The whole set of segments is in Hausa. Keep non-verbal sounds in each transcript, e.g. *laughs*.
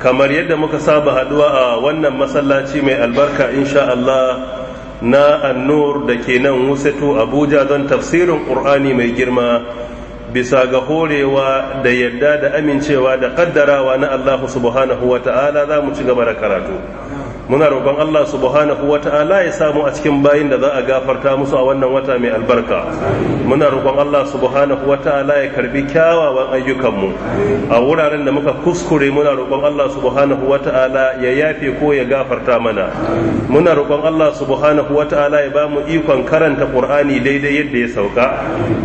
kamar yadda muka saba haduwa a wannan masallaci mai albarka insha Allah na annur da ke nan wusatu abuja don tafsirin ƙur'ani mai girma bisa ga horewa da yadda da amincewa da ƙaddarawa na allahu subhanahu wa ta'ala za mu ci gaba da karatu muna roƙon Allah subhanahu wata'ala ya samu a cikin bayin da za a gafarta musu a wannan wata mai albarka muna roƙon Allah subhanahu wata'ala ya karbi kyawawan ayyukanmu a wuraren da muka kuskure muna roƙon Allah subhanahu wata'ala ya yafe ko ya gafarta mana muna roƙon Allah subhanahu wata'ala ya ba mu ikon karanta Qur'ani daidai yadda ya sauka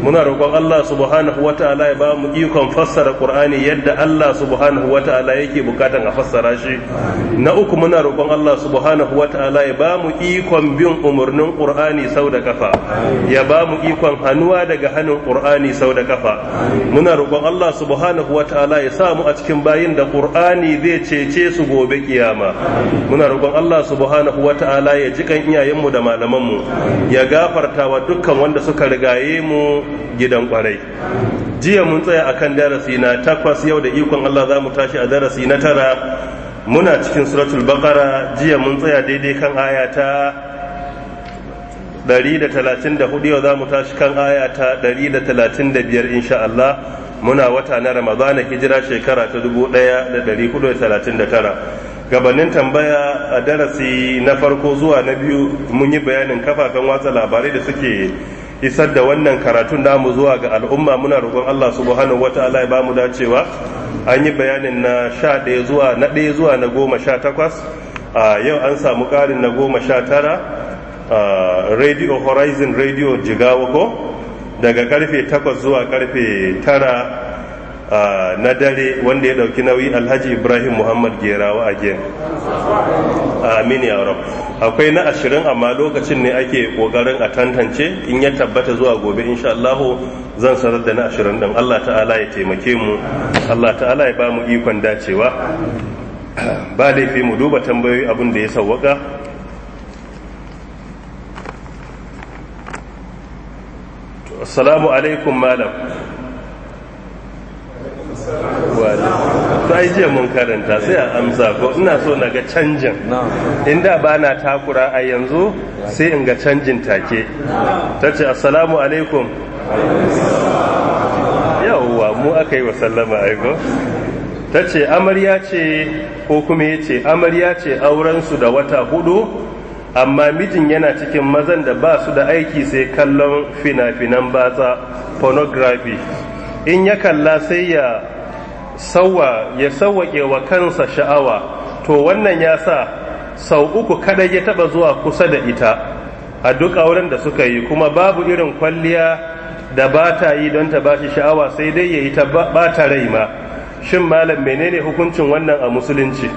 muna roƙon Allah subhanahu wata'ala ya ba mu ikon fassara Qur'ani yadda Allah subhanahu wata'ala yake bukatan a fassara shi na uku muna roƙon Allah Allah subhanahu wa ta'ala ya ba mu ikon bin umarnin Qur'ani sau da kafa ya ba mu ikon hannuwa daga hannun Qur'ani sau da kafa muna roƙon Allah subhanahu wa ta'ala ya samu a cikin bayin da Qur'ani zai cece su gobe kiyama muna roƙon Allah subhanahu wa ta'ala ya jikan iyayenmu da malamanmu ya gafarta wa dukkan wanda suka rigaye mu gidan kwarai jiya mun tsaya akan darasi na takwas yau da ikon Allah za mu tashi a darasi na tara muna cikin suratul bakara jiya mun tsaya daidai kan aya ta 134 yau za mu tashi kan aya ta 135 insha Allah muna wata na ramadana hijira shekara ta 1439 gabanin tambaya a darasi na farko zuwa na biyu mun yi bayanin kafafen watsa labarai da suke isar da wannan karatun namu zuwa ga al'umma muna roƙon Allah subhanahu wata'ala ya mu dacewa an yi bayanin na sha ɗaya zuwa na ɗaya zuwa na goma sha takwas a yau an samu ƙarin na goma sha tara a radio horizon radio jigawa ko daga karfe takwas zuwa karfe tara na dare wanda ya dauki nauyi alhaji ibrahim muhammad gerawa a gen amin ya rab akwai na ashirin amma lokacin ne ake kokarin a tantance in ya tabbata zuwa gobe insha Allah zan sanar da na ashirin din Allah ta'ala ya taimake mu Allah ta'ala ya ba mu ikon dacewa *clears throat* ba laifi mu duba tambayoyi abin da ya sawwaka assalamu alaikum malam ai jiya mun karanta sai a amsa ko ina so na ga canjin inda ba na takura a yanzu sai in ga canjin take ta ce assalamu alaikum yawwa mu aka yi wa sallama aiko ta ce amarya ce ko kuma ya ce amarya ce aurensu da wata hudu amma mijin yana cikin mazan da ba su da aiki sai kallon fina-finan batsa pornography in ya kalla sai ya sawa ya sawwake wa kansa sha'awa to wannan ya sa sau uku kadai ya taba zuwa kusa da ita a duk auren da suka yi kuma babu irin kwalliya da ba ta yi don ta bashi sha'awa sai dai ya yi ta ba ta rai ma shin malam menene hukuncin wannan a musulunci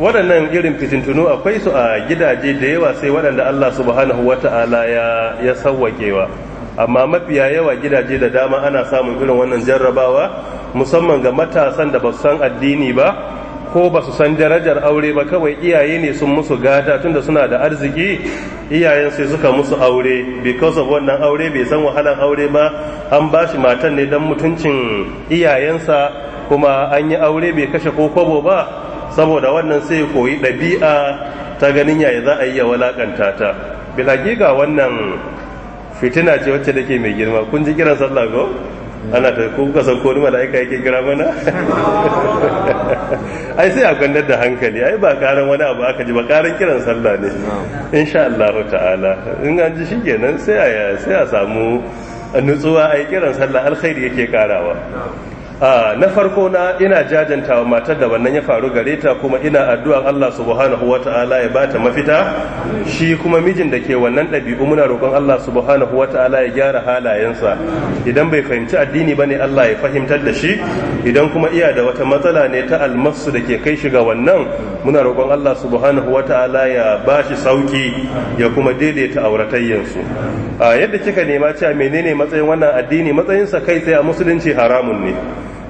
waɗannan irin fitintunu akwai su a gidaje da yawa sai waɗanda Allah subhanahu wata'ala ya ya sawwakewa amma mafiya yawa gidaje da dama ana samun irin wannan jarrabawa musamman ga matasan da ba su san addini ba ko ba su san darajar aure ba kawai iyaye ne sun musu gata tunda suna da arziki iyayen sai suka musu aure because of wannan aure bai san wahalar aure ba an ba shi matan ne don mutuncin iyayensa kuma an yi aure bai kashe ko kobo ba saboda wannan sai koyi ɗabi'a ta ganin yaya za a yi ya walakanta ta ga wannan fitina ce wacce da ke mai girma kun ji kiran sallah ko ana ta ku kuka ko ni mala'ika yake kira mana *laughs* ai sai a gwandar da hankali ai ba karan wani abu aka ji ba karan kiran sallah ne insha Allah ta'ala in an ji shikenan sai a sai a samu nutsuwa ai kiran sallah alkhairi yake karawa na farko na ina jajanta wa matar da wannan ya faru gare ta kuma ina addu'an Allah subhanahu wa ta'ala ya ba ta mafita shi kuma mijin da ke wannan ɗabi'u muna roƙon Allah subhanahu wa ta'ala ya gyara halayensa idan bai fahimci addini ba ne Allah ya fahimtar da shi idan kuma iya da wata matsala ne ta almasu da ke kai shi ga wannan muna roƙon Allah subhanahu wa ta'ala ya ba shi sauki ya kuma daidaita auratayyansu a yadda kika nema cewa menene matsayin wannan addini matsayinsa kai tsaye a musulunci haramun ne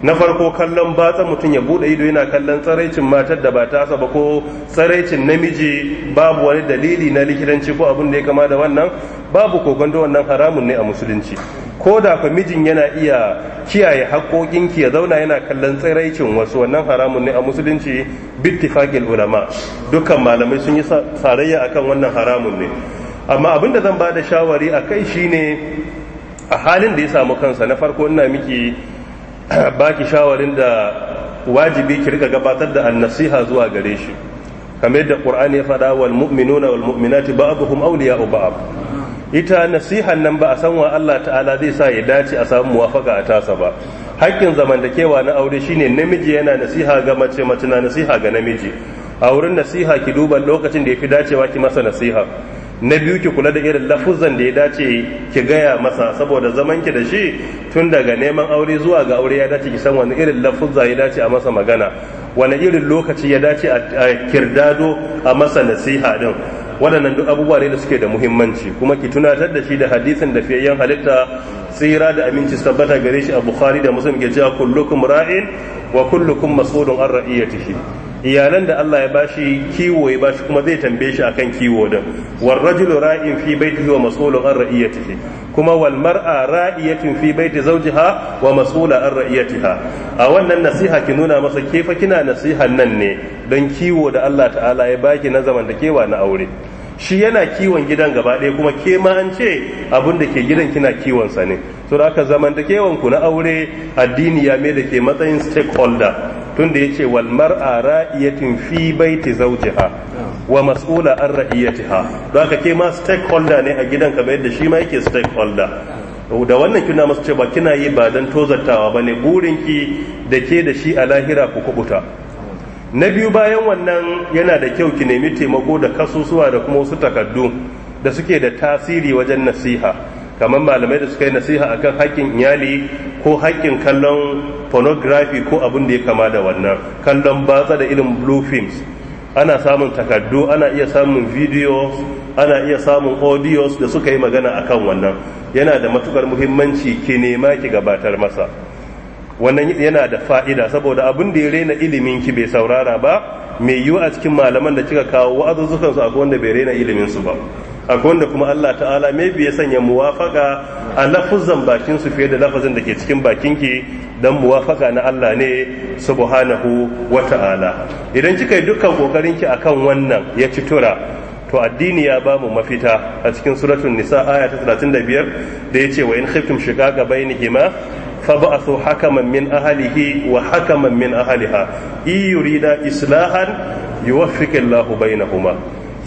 na farko kallon batsa mutum ya bude ido yana kallon tsaraicin matar da ba ta ba ko tsaraicin namiji babu wani dalili na likitanci ko abin da ya kama da wannan babu kogon da wannan haramun ne a musulunci ko da fa mijin yana iya kiyaye haƙoƙinki ya zauna yana kallon tsaraicin wasu wannan haramun ne a musulunci bittifaqil ulama dukkan malamai sun yi sarayya akan wannan haramun ne amma abin da zan ba da shawari a kai shine a halin da ya samu kansa na farko ina miki *clears throat* baki shawarin da wajibi ki rika gabatar da annasiha zuwa gare shi kamar da qur'ani ya faɗa wal mu'minuna wal mu'minati ba'dhum awliya'u ba'd ita nasihan nan ba a san wa Allah ta'ala zai sa ya dace a samu muwafaka a tasa ba hakkin zamantakewa na aure shine namiji yana nasiha ga mace mace na nasiha ga namiji a wurin nasiha ki duba lokacin da yafi dacewa ki masa nasiha na biyu ki kula da irin lafuzan da ya dace ki gaya masa saboda zaman ki da shi tun daga neman aure zuwa ga aure ya dace ki san wani irin lafuzza ya dace a masa magana wani irin lokaci ya dace a kirdado a masa nasiha din waɗannan duk abubuwa ne da suke da muhimmanci kuma ki tunatar da shi da hadisin da fiyayyen halitta tsira da aminci tabbata gare shi a bukhari da muslim ke cewa kullukum ra'in wa kullukum masudun an ra'iyatihi iyalan da Allah ya bashi kiwo ya bashi kuma zai tambaye shi akan kiwo din war rajulu ra'in fi baitihi wa mas'ulun an ra'iyatihi kuma wal mar'a ra'iyatin fi baiti zawjiha wa mas'ula an ra'iyatiha a wannan nasiha ki nuna masa kefa kina nasihan nan ne don kiwo da Allah ta'ala ya baki na zamantakewa na aure shi yana kiwon gidan gaba ɗaya kuma ke ma an ce abin da ke gidan kina kiwon sa ne to da aka zamantakewan ku na aure addini ya mai da ke matsayin stakeholder ya ce wal mar'a ra'iyatin fi baiti zawjiha wa mas'ula an ra'iyatiha don aka ke ma stakeholder ne a gidan kamar yadda shi ma yake stakeholder da wannan kina masu ce ba kina yi ba don tozartawa ba ne ki da ke da shi a lahira ku kubuta na biyu bayan wannan yana da kyau ki nemi taimako da kasusuwa da kuma wasu takardu da suke da tasiri wajen nasiha kamar malamai da suka yi nasiha akan haƙƙin iyali ko haƙƙin kallon pornography ko abin da ya kama da wannan kallon batsa da irin blue films ana samun takardu ana iya samun videos ana iya samun audios da suka yi magana akan wannan yana da matukar muhimmanci ki nema ki gabatar masa wannan yana da fa'ida saboda abin da ya rena ilimin ki bai saurara ba mai yiwu a cikin malaman da kika kawo wa'azuzzukan su akwai bai rena ilimin su ba akwai wanda kuma Allah ta'ala maybe ya sanya muwafaka a lafuzan bakin su fiye da lafazin da ke cikin bakin ki dan muwafaka na Allah ne subhanahu wa ta'ala idan kika yi dukkan kokarin ki akan wannan ya ci tura to addini ya ba mu mafita a cikin suratul nisa aya ta 35 da yace wa in khiftum shiqaqa bainihima فبعثوا حكما من أهله wa min ahliha إن يريد islahan يوفق الله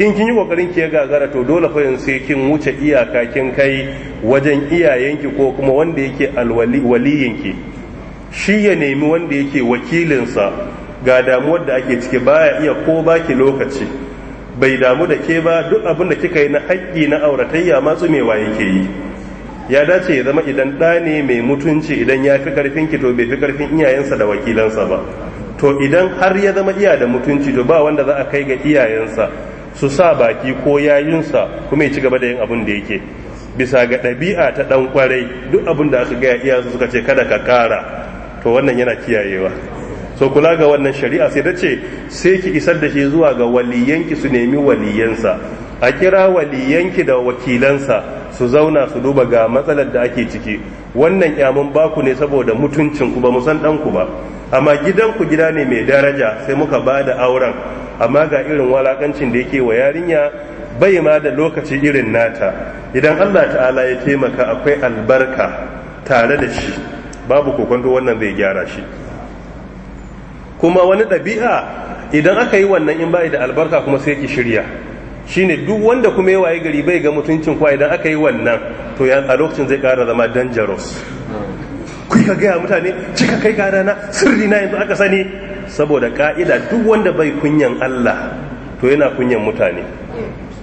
in kin yi kokarin ki ya gagara to dole fa yanzu sai kin wuce iyaka kin kai wajen iyayenki ko kuma wanda yake alwali waliyinki shi ya nemi wanda yake wakilinsa ga damuwar da ake ciki baya iya ko baki lokaci bai damu da ke ba duk abin da kika yi na haƙƙi na auratayya ma tsumewa yake yi ya dace ya zama idan ɗa ne mai mutunci idan ya fi karfin ki to bai fi ƙarfin iyayensa da wakilansa ba to idan har ya zama iya da mutunci to ba wanda za a kai ga iyayensa su sa baki ko yayinsa kuma ya ci gaba da yin abin da yake bisa ga ɗabi'a ta ɗan kwarai duk abin da aka gaya iyansu suka ce kada ka ƙara to wannan yana kiyayewa so kula ga wannan shari'a sai dace sai ki isar da shi zuwa ga waliyanki su nemi waliyansa a kira waliyanki da wakilansa su zauna su duba ga matsalar da ake ciki wannan kyamun baku ne saboda mutuncin ku ba mu san ɗanku ba amma gidanku gida ne mai daraja sai muka ba da auren amma ga irin walakancin da yake wa yarinya bai ma da lokaci irin nata idan Allah ta'ala ya taimaka akwai albarka tare da shi babu kokonto wannan zai gyara shi kuma wani ɗabi'a idan aka yi wannan in bai da albarka kuma sai ki shirya shine duk wanda kuma ya gari bai ga mutuncin kwa idan aka yi wannan to ya a lokacin zai kara zama dangerous kuka ka gaya mutane cika kai gara na sirri na yanzu aka sani saboda ka'ida duk wanda bai kunyan Allah to yana kunyan mutane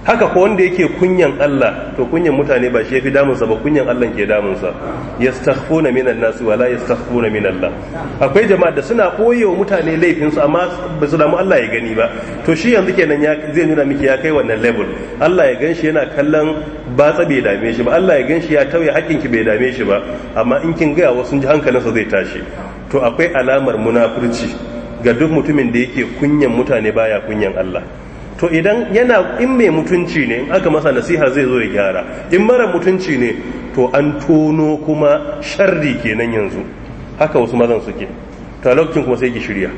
haka ko wanda yake kunyan Allah to kunyan mutane ba shi yafi damunsa ba kunyan Allah ke damunsa yastaghfuna minan nasi wala yastaghfuna min Allah akwai jama'a da suna koyo mutane laifinsu su amma ba su damu Allah ya gani ba to shi yanzu kenan ya zai nuna miki ya kai wannan level Allah ya ganshi yana kallon batsa bai dame shi ba Allah ya ganshi ya tauye hakkin ki bai dame shi ba amma in kin ga wasu ji hankalinsa zai tashi to akwai alamar munafurci ga duk mutumin da yake kunyan mutane baya kunyan Allah to idan yana in mai mutunci ne in aka masa nasiha zai zo ya gyara in mara mutunci ne to an tono kuma sharri kenan yanzu haka wasu mazan suke to lokacin kuma sai ki shirya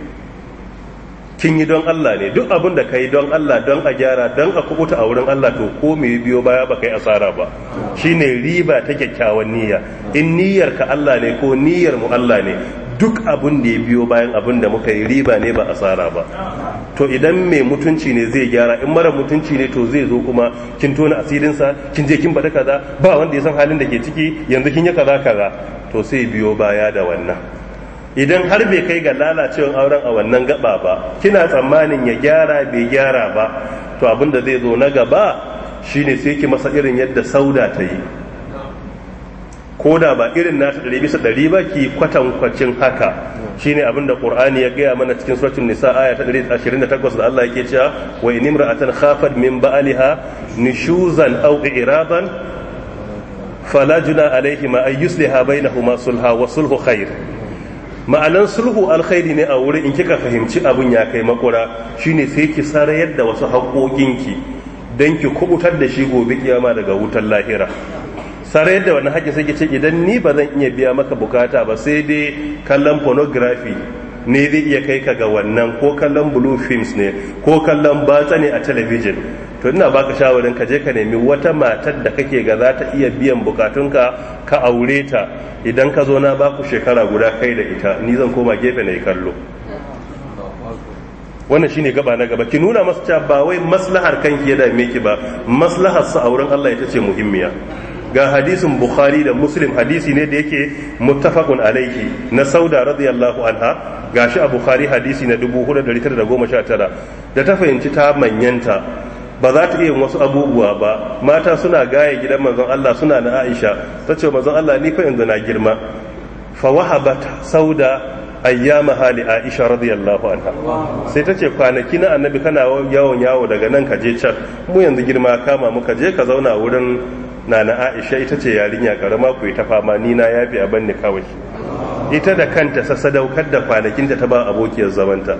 kin yi don Allah ne duk abin da kai don Allah don a gyara don a kubuta a wurin Allah to ko me biyo baya baka yi asara ba shine riba ta kyakkyawan niyya in niyyar ka Allah ne ko niyyar mu Allah ne duk abun da ya biyo bayan abun da muka yi riba ne ba asara ba to idan mai mutunci ne zai gyara in mara mutunci ne to zai zo kuma kin tona asirinsa kin je kin bada kaza ba wanda ya san halin da ke ciki yanzu kin yi kaza kaza to sai biyo baya da wannan idan har bai kai ga lalacewar auren a wannan gaba ba kina tsammanin ya gyara bai gyara ba to abin da zai zo na gaba shine sai ki masa irin yadda sauda ta yi ko da ba irin nasa ɗari bisa ɗari ba ki kwatankwacin haka shine abin da qur'ani ya gaya mana cikin suratul nisa aya ta 128 da Allah yake cewa wa in imra'atan khafat min ba'liha nushuzan aw i'raban fala juna alaihima ay yusliha bainahuma sulha wa sulhu khair ma'anan sulhu alkhairi ne a wurin in kika fahimci abin ya kai makura shine sai ki sarayar da wasu haƙoƙinki dan ki kubutar da shi gobe kiyama daga wutar lahira tare da wani haƙƙi sai ce idan ni ba zan iya biya maka bukata ba sai dai kallon pornography ne zai iya kai ka ga wannan ko kallon blue films ne ko kallon batsa ne a talabijin to ina baka shawarin ka je ka nemi wata matar da kake ga za ta iya biyan bukatunka ka aure ta idan ka zo na baku shekara guda kai da ita ni zan koma gefe na yi kallo wannan shine gaba na gaba ki nuna masa cewa ba wai maslahar kanki ya dame ki ba maslahar sa auren Allah ita ce muhimmiya ga hadisin bukhari da muslim hadisi ne da yake muttafaqun alayhi na sauda radiyallahu anha ga shi a bukhari hadisi na 4919 da ta fahimci ta manyanta ba za ta iya wasu abubuwa ba mata suna gaya gidan manzon Allah suna na Aisha ta ce manzon Allah ni fa yanzu na girma fa wahabat sauda ayyama hali Aisha radiyallahu anha sai ta ce kwanaki na annabi kana yawon yawo daga nan ka je can mu yanzu girma kama muka je ka zauna wurin na na aisha ita ce yarinya karama ku yi ta fama nina ya fi a banni kawai ita da kanta sassadaukar da kwanakinta ta ba abokiyar zamanta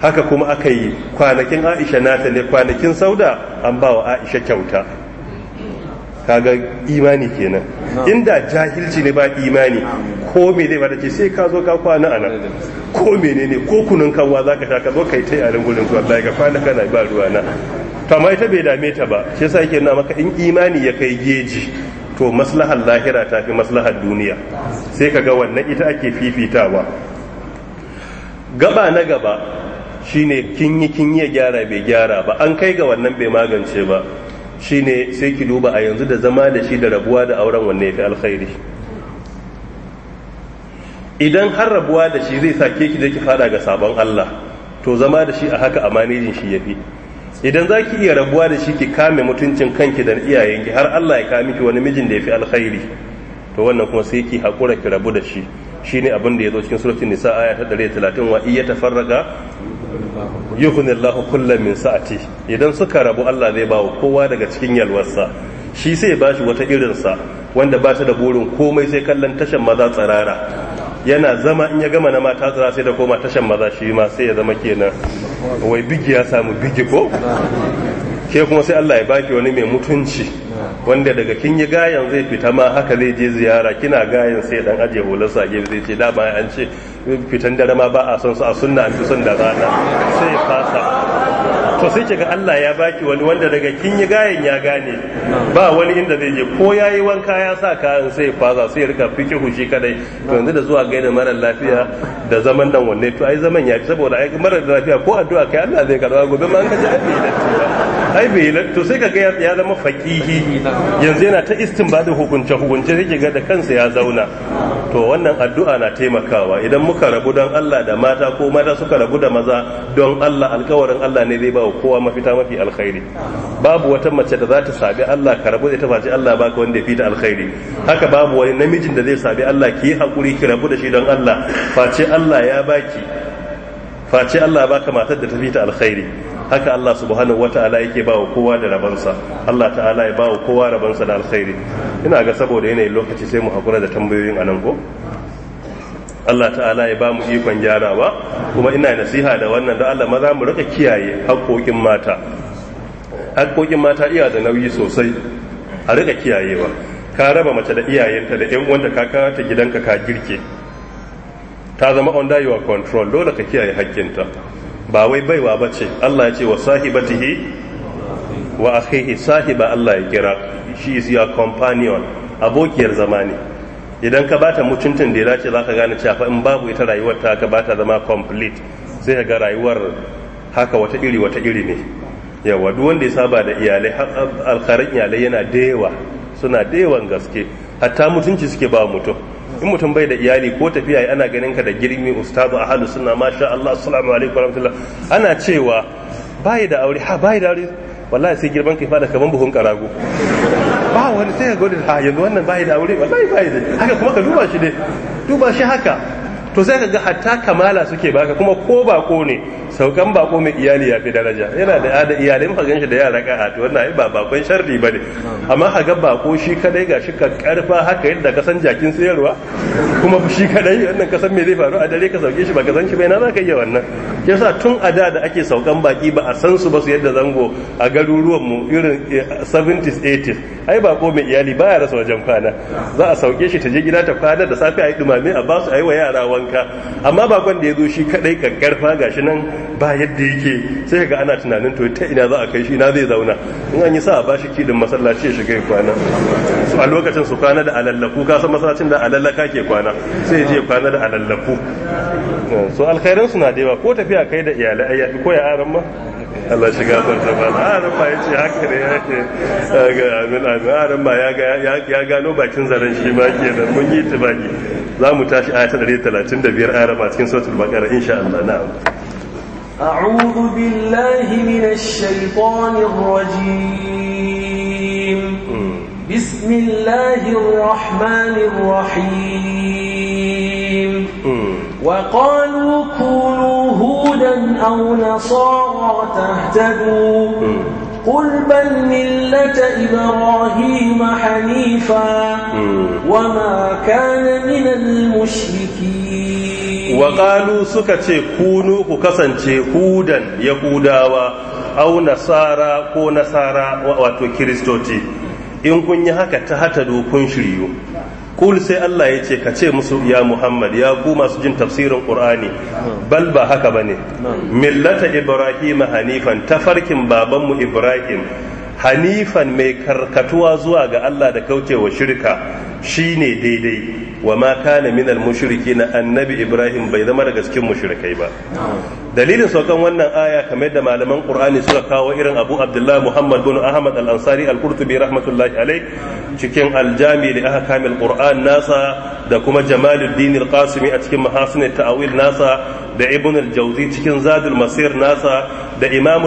haka kuma aka yi kwanakin aisha nata ne kwanakin sauda an ba wa aisha kyauta kaga imani kenan inda jahilci ne ba imani ko me ba da ce sai ka zo ka kwana a nan ko ne ko kunun kanwa za ka sha ka zo ka yi ta yi a yaren zuwa ba ka kwana kana ba ruwa na kamar ita bai dame ta ba shi yasa yake nuna maka in imani ya kai geji to maslahar lahira ta fi maslahar duniya sai ka ga wannan ita ake fifitawa gaba na gaba shine kin yi kin yi gyara bai gyara ba an kai ga wannan bai magance ba shine sai ki duba a yanzu da zama da shi da rabuwa da auren wanne ya fi alkhairi idan har rabuwa da shi zai sake ki je ki fada ga sabon Allah to zama da shi a haka a shi ya fi idan za ki iya rabuwa da shi ki kame mutuncin kanki da iyayenki har Allah ya kame ki wani mijin da ya fi alkhairi to wannan kuma sai ki haƙura ki rabu da shi shi ne abin da ya zo cikin suratul nisa aya ta 130 wa iya farraga yughnillahu kullam min sa'ati idan suka rabu Allah zai bawa kowa daga cikin yalwarsa shi sai ba shi wata irinsa wanda ba ta da burin komai sai kallon tashan maza tsarara. yana zama in ya gama na mata tsara sai da koma tashan maza shi ma sai ya zama kenan wai bigi ya samu bigi ko ke kuma sai Allah ya baki wani mai mutunci wanda daga kin yi gayan zai fita ma haka zai je ziyara kina gayan sai dan aje hularsa gefe zai ce da ba an ce fitan dare ma ba a son su a sunna an fi son da rana sai ya fasa so sai kiga Allah ya baki wani wanda daga kin yi gayen ya gane ba wani inda zai je ko yi wanka ya sa kayan sai faza sai rika fiki hushi kadai to yanzu da zuwa gaida mara lafiya da zaman nan wanne to ai zaman ya fi saboda ai mara lafiya ko addu'a kai Allah zai karba gobe ma an ka ji abi da ai bai to sai kaga ya zama fakihi yanzu yana ta istin da hukunce hukunce sai ga da kansa ya zauna to wannan addu'a na taimakawa idan muka rabu don Allah da mata ko mata suka rabu da maza don Allah alkawarin Allah ne zai ba kowa mafita mafi alkhairi babu wata mace da za ta sabi Allah ka rabu da ita face Allah baka wanda ya fita alkhairi haka babu wani namijin da zai sabi Allah ki yi hakuri ki rabu da shi don Allah face Allah ya baki face Allah baka matar da ta fita alkhairi haka Allah subhanahu ta'ala yake ba wa kowa da rabansa Allah ta'ala ya ba wa kowa rabansa da alkhairi ina ga saboda yanayin lokaci sai mu hakura da tambayoyin anan ko Allah ta'ala ya ba mu ikon ba. kuma ina nasiha da wannan da Allah maza mu rika kiyaye haƙoƙin mata haƙoƙin mata iya da nauyi sosai a rika kiyayewa ka raba mace da iyayenta da ƴan uwanta ka kawo ta gidanka ka girke ta zama under your control dole ka kiyaye haƙƙinta ba wai baiwa ba ce Allah ya ce wa sahibatihi wa akhihi sahiba Allah ya kira she is your companion abokiyar zamani. idan ka bata mutuntun da ya dace za ka gane cewa in babu ita rayuwar ta ka bata zama complete sai ka ga rayuwar haka wata iri wata iri ne yawa duk wanda ya saba da iyalai alkarin iyalai yana da yawa suna da gaske hatta mutunci suke ba mutum in mutum bai da iyali ko tafiya ana ganin ka da girmi ustazu a halu suna masha Allah assalamu alaikum warahmatullah ana cewa bai da aure ha bai da aure wallahi sai girman kai fada kaman buhun karago *laughs* ba wani sai ga gode ha yanzu wannan bai da aure wallahi bai da haka kuma ka duba shi ne duba shi haka to sai kaga hatta kamala suke baka kuma ko bako ne saukan bako mai iyali ya fi daraja yana da iyali iyalai muka shi da yara ka to wannan ai ba bakon sharri bane amma ka ga bako shi kadai ga shi ka karfa haka yadda ka san jakin sayarwa kuma shi kadai wannan ka san me zai faru a dare ka sauke shi ba ka san shi bai na ka iya wannan yasa tun a da da ake saukan baki ba a san su ba su yadda zango a garuruwan mu irin 70s eh, 80s ai bako mai iyali baya rasa wajen kwana za a sauke shi ta je gida ta kwana da safe a yi dumame a basu a wa yara wanka amma bakon da ya zo shi kadai kankarfa gashi nan ba yadda yake sai ga ana tunanin to ta ina za a kai shi ina zai zauna in an yi sa a bashi kidin masallaci ya shiga kwana su a lokacin su kwana da alallaku ka san masallacin da alallaka ke kwana sai ya je kwana da alallaku so alkhairan suna da yawa ko tafiya kai da iyalai ko ya aran ma Allah shi gafarta ba aran ma yace haka ne yake ga a amin aran ma ya gano bakin zaren shi ma da mun yi tibaki za mu tashi aya ta 135 aran ma cikin suratul baqara insha Allah na'am أعوذ بالله من الشيطان الرجيم بسم الله الرحمن الرحيم وقالوا كونوا هودا أو نصارى تهتدوا قل بل ملة إبراهيم حنيفا وما كان من المشركين وقالوا سكتي كونوا كسنتي هودا يهوداوا أو نصارى كو نصارى وأتو كريستوتي in kun yi haka ta hata dokun shiryu kul sai Allah ya ce ka ce musu ya Muhammad ya ku masu jin tafsirin Qur'ani bal ba haka bane millata Ibrahim hanifan tafarkin babanmu Ibrahim hanifan mai karkatuwa zuwa ga Allah da kaucewa shirka shine daidai wa ma kana minal mushriki na annabi ibrahim bai zama daga cikin mushrikai ba dalilin saukan wannan aya kamar da malaman qur'ani suka kawo irin abu abdullah muhammad bin ahmad al-ansari al-qurtubi rahmatullahi alayh cikin al-jami li ahkamil qur'an nasa da kuma jamaluddin al-qasimi a cikin mahasin ta'awil nasa da ibn al-jawzi cikin zadul masir nasa da imam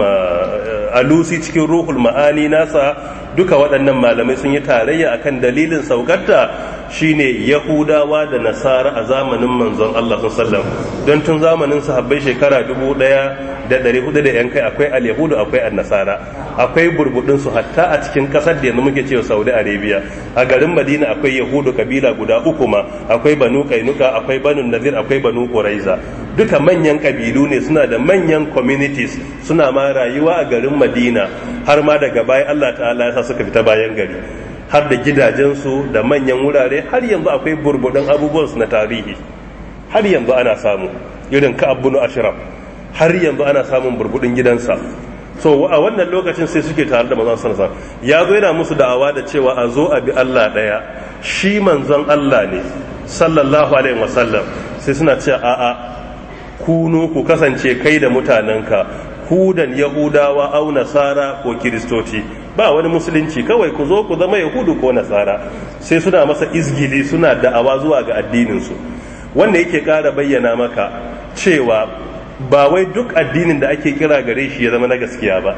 eh, alusi cikin ruhul ma'ani nasa duka waɗannan malamai sun yi tarayya akan dalilin saukarta shine yahudawa da nasara a zamanin manzon Allah sallam don tun zamanin sahabbai shekara dubu daya da dari hudu da yan kai akwai alyahudu akwai nasara akwai burbudin su hatta a cikin kasar da yanzu muke cewa saudi arabia a garin madina akwai yahudu kabila guda uku ma akwai banu kainuka akwai banu nazir akwai banu quraiza duka manyan kabilu ne suna da manyan communities suna ma rayuwa a garin madina har ma daga baya allah ta'ala ya sa suka fita bayan gari har da gidajensu da manyan wurare har yanzu akwai abubuwan su na tarihi har yanzu ana samu irin ka abunu ashraf har yanzu ana samun burbudun gidansa so a wannan lokacin sai suke tare da manzon sallallahu alaihi wasallam ya zo yana musu da'awa da cewa a zo a bi Allah daya shi manzon Allah ne sallallahu alaihi wasallam sai suna cewa a'a kuno ku kasance kai da mutanenka dan yahudawa au nasara ko kiristoci ba wani musulunci kawai ku zo ku zama yahudu ko nasara sai suna masa izgili suna da'awa zuwa ga addininsu wanda yake ƙara bayyana maka cewa ba wai duk addinin da ake kira gare shi ya zama na gaskiya ba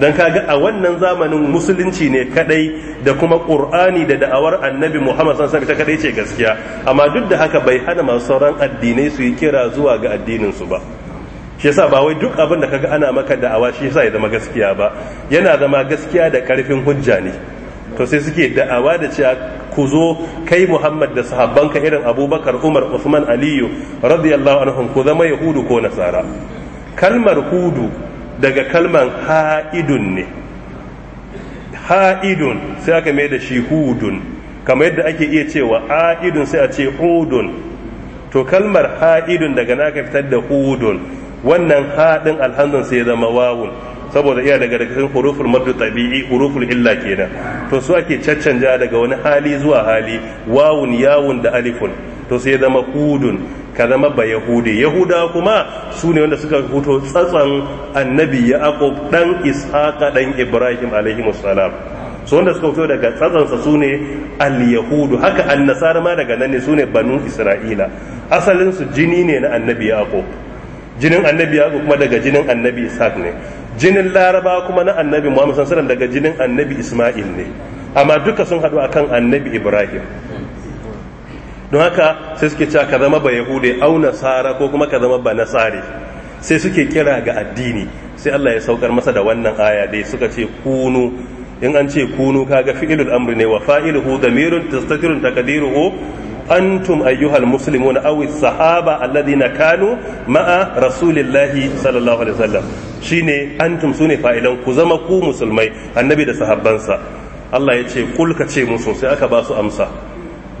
don kaga a wannan zamanin musulunci ne kadai da kuma ƙur'ani da da'awar annabi muhammad san sami ta kadai ce gaskiya amma duk da haka bai hana masu sauran addinai su yi kira zuwa ga addininsu ba shi yasa ba wai duk abin da kaga ana maka da'awa shi yasa ya zama gaskiya ba yana zama gaskiya da karfin hujja ne to sai suke da'awa da cewa ku zo kai Muhammad da sahabbanka irin Abubakar Umar Usman Aliyu radiyallahu anhum ku zama yahudu ko nasara kalmar hudu daga kalman ha'idun ne ha'idun sai aka mai da shi hudun kamar yadda ake iya cewa ha'idun sai a ce hudun to kalmar ha'idun daga naka fitar da hudun wannan haɗin alhamdan sai ya zama wawun saboda iya daga daga cikin huruful mardu tabi'i huruful illa kenan to su ake caccanja daga wani hali zuwa hali wawun yawun da alifun to sai zama hudun ka zama ba yahudi yahuda kuma su ne wanda suka huto tsatsan annabi ya dan ishaqa dan ibrahim alaihi wassalam su wanda suka fito daga tsazansa su ne al-yahudu haka annasara ma daga nan ne su ne banu isra'ila asalin su jini ne na annabi yaqub jinin annabi ya kuma daga jinin annabi isaac ne jinin laraba kuma na annabi muhammad sallallahu daga jinin annabi isma'il ne amma duka sun haɗu akan annabi ibrahim don haka sai suke cewa ka zama ba yahude au nasara ko kuma ka zama ba nasari sai suke kira ga addini sai Allah ya saukar masa da wannan aya dai suka ce kunu in an ce kunu kaga fi'ilul amri ne wa fa'iluhu damirun tastatirun takdiruhu antum ayyuhal muslimun aw sahaba alladhina kanu ma'a rasulillahi sallallahu alaihi wasallam shine antum sune fa'ilan ku zama ku musulmai annabi da sahabbansa Allah ya ce kul ka ce musu sai aka ba su amsa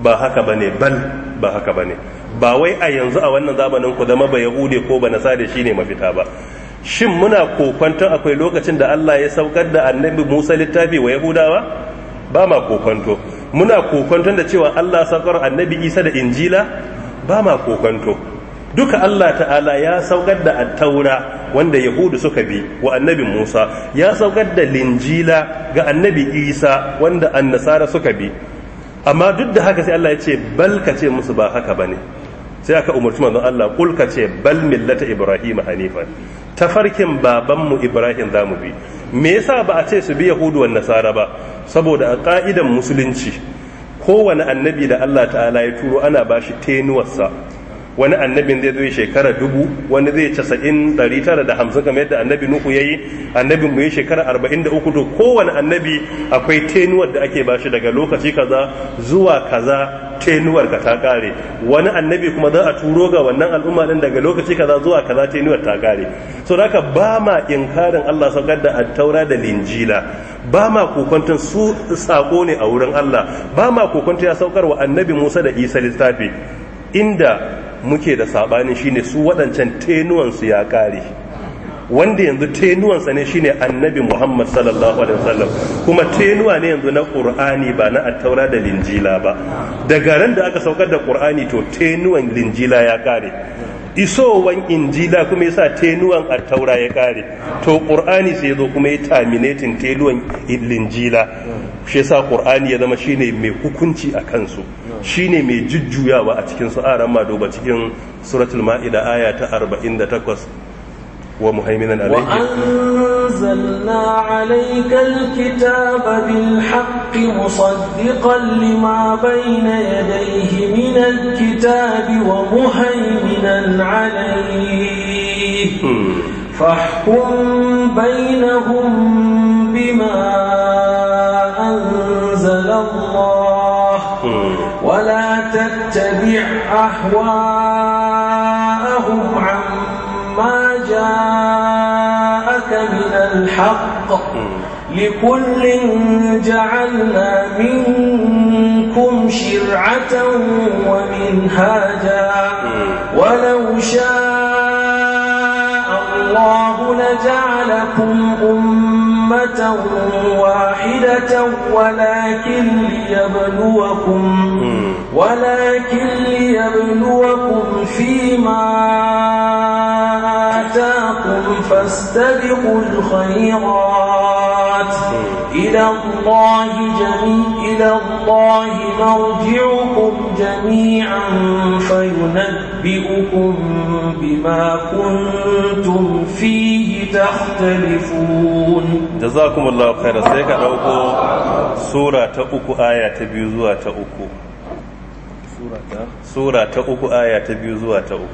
ba haka bane bal ba haka bane ba wai a yanzu a wannan zamanin ku zama ba yahude ko ba nasara shine mafita ba shin muna kokwanton akwai lokacin da Allah ya saukar da annabi Musa littafi wa yahudawa ba ma kokwanto muna kokonton da cewa Allah saukar annabi Isa da Injila ba ma kokonto duka Allah ta'ala ya saukar da attaura wanda yahudu suka bi wa annabi Musa ya saukar da linjila ga annabi Isa wanda annasara suka bi amma duk da haka sai Allah ya ce bal ce musu ba haka bane sai aka umarci manzon Allah kul ka ce bal millata ibrahim hanifan tafarkin babanmu ibrahim zamu bi me yasa ba a ce su bi yahudu wan nasara ba saboda a ka'idan musulunci kowane annabi da Allah ta'ala ya turo ana bashi tenuwarsa wani annabin zai zo shekara dubu wani zai casa'in ɗari tara da hamsin kamar yadda annabi nuhu ya yi annabin mu ya shekara arba'in da uku to kowane annabi akwai tenuwar da ake bashi daga lokaci kaza zuwa kaza tenuwar ka ta kare wani annabi kuma za a turo ga wannan al'umma din daga lokaci kaza zuwa kaza tenuwar ta kare so haka ba ma inkarin Allah saukar da attaura da linjila ba ma kokwanton su sako ne a wurin Allah ba ma kokwanton ya saukar wa annabi Musa da Isa littafi inda muke da saɓani shine su waɗancan tenuwansu ya ƙare wanda yanzu tenuwansa ne shine annabi muhammad sallallahu alaihi wasallam kuma tenuwa ne yanzu na ƙur'ani ba na attaura da linjila ba daga ran da aka saukar da ƙur'ani to tenuwan linjila ya kare isowan injila kuma yasa tenuwan attaura ya kare to ƙur'ani sai zo kuma ya terminating tenuwan linjila shi yasa qur'ani ya zama shine mai hukunci a kansu shine mai jujjuyawa a cikin su aran duba cikin suratul maida aya ta 48 wa muhaiminan alayhi anzalna alaykal kitaba bil haqqi musaddiqan lima bayna yadayhi min al kitabi wa muhaiminan alayhi hmm. fahkum bainahum bima نتبع أهواءهم عما جاءك من الحق لكل جعلنا منكم شرعة ومنهاجا ولو شاء الله لجعلكم أمة واحدة ولكن ليبلوكم ولكن ليبلوكم فيما آتاكم فاستبقوا الخيرات إلى الله جميع إلى الله مرجعكم جميعا فينبئكم أنبئكم بما كنتم فيه تختلفون جزاكم الله خيرا سيكا دوكو سورة تأكو آية تبيزوة تأكو سورة تأكو آية تبيزوة تأكو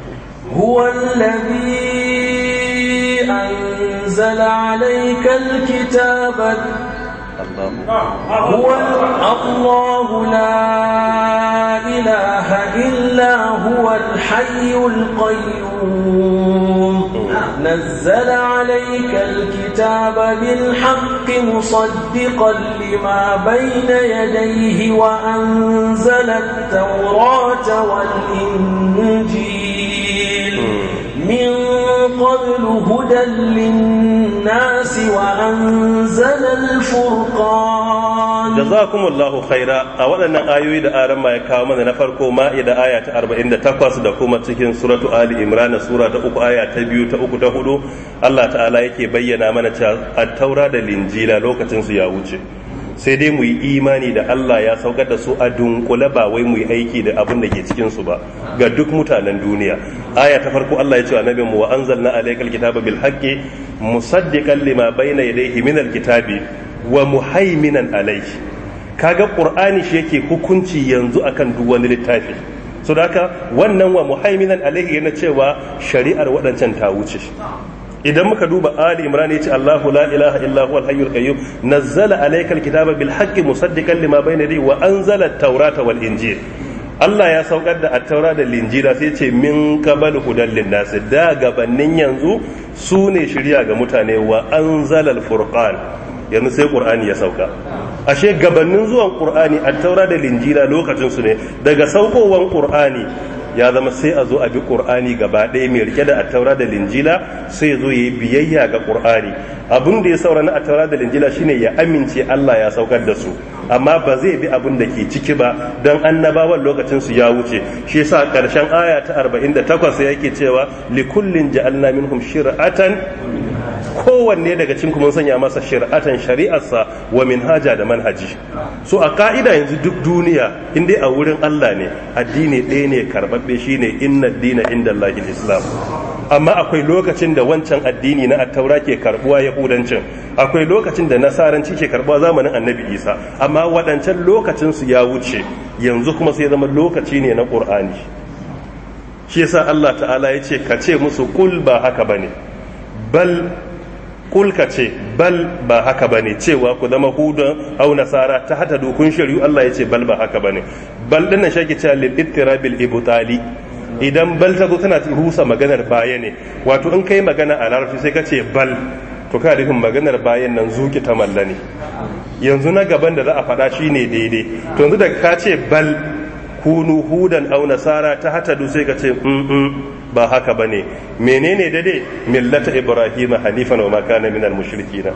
هو الذي أنزل عليك الكتاب هو الله لا إله إلا هو الحي القيوم نزل عليك الكتاب بالحق مصدقا لما بين يديه وأنزل التوراة والإنجيل قبل هدى للناس وأنزل الفرقان جزاكم الله خيرا أولا إذا آرم ما يكاوما نفركو ما إذا آية أربع إن تقوص دا كوما تكين سورة آل إمران سورة أكو آية تبيو تأكو تهدو الله تعالى يكي بينا من التوراة للنجيل لوكتن سياوتي sai dai mu yi imani da Allah ya saukar da su a dunkule ba wai mu yi aiki da abin da ke cikin su ba ga duk mutanen duniya aya ta farko Allah ya ce annabi mu wa anzalna alaykal kitaba bil haqqi musaddiqan lima bayna yadayhi min al kitabi wa muhaiminan alayhi kaga qur'ani shi yake hukunci yanzu akan duk wani littafi so da haka wannan wa muhaiminan alayhi yana cewa shari'ar waɗancan ta wuce idan muka duba ali imran yace Allahu la ilaha illa huwa al-hayyul qayyum nazzala al kitaba bil haqqi musaddiqan lima bayna yadayhi wa anzala at-taurata wal injil Allah ya saukar da attaura da linjira sai ce min kabal hudan linnas da gabanin yanzu su ne shirya ga mutane wa anzala al-furqan yanzu sai qur'ani ya sauka ashe gabanin zuwan qur'ani attaura da linjira lokacin su ne daga saukowan qur'ani ya zama sai a zo a bi ƙur'ani gaba ɗaya mai rike da attaura da linjila sai ya zo yayi biyayya ga ƙur'ani abin da ya saura na attaura da linjila shine ya amince Allah ya saukar da su amma ba zai bi abin da ke ciki ba don annabawan lokacin su ya wuce shi yasa karshen aya ta 48 yake cewa likullin ja'alna minhum shir'atan kowanne daga cikin mun sanya masa shari'atan shari'arsa wa minhaja da manhaji so a ka'ida yanzu duk duniya in dai a wurin Allah ne addini ɗaya ne karɓaɓɓe shine inna dina inda Allah islam amma akwai lokacin da wancan addini na attaura ke karbuwa yahudancin akwai lokacin da nasaranci ke karbuwa zamanin annabi isa amma waɗancan lokacin su ya wuce yanzu kuma sai zama lokaci ne na ƙur'ani shi yasa Allah ta'ala ya ce ka ce musu kul ba haka bane bal kulka ce bal ba haka bane cewa ku zama hudan au nasara ta hata dukun shari'u Allah ya ce bal ba haka bane bal dinnan shaki ce lil ittirabil ibtali idan bal ta zo tana rusa maganar baya ne wato in kai magana a larabci sai ka ce bal to ka rufin maganar bayan nan zuki ta malla yanzu na gaban da za a faɗa ne daidai to yanzu da ka ce bal kunu hudan au nasara ta hata du sai ka ce ba haka ba ne menene dade millata ibrahim hanifan wa makana al mushrikina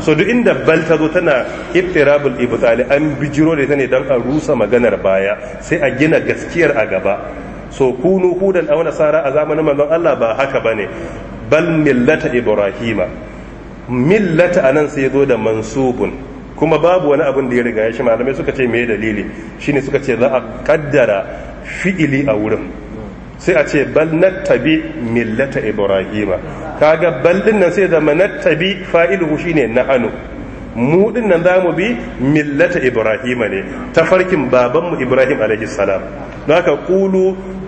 so duk inda bal ta zo tana iftirabul ibtali an bijiro da ta ne dan a rusa maganar baya sai a gina gaskiyar a gaba so kunu hudan aw nasara a zamanin manzon Allah ba haka bane bal millata ibrahima millata anan sai zo da mansubun kuma babu wani abin da ya riga ya shi malamai suka ce me dalili shine suka ce za a kaddara fi'ili a wurin sai a ce bal nattabi millata ibrahima kaga bal din nan sai zama nattabi fa'iluhu shine na mu din nan zamu bi millata ibrahima ne tafarkin babanmu ibrahim alaihi salam don haka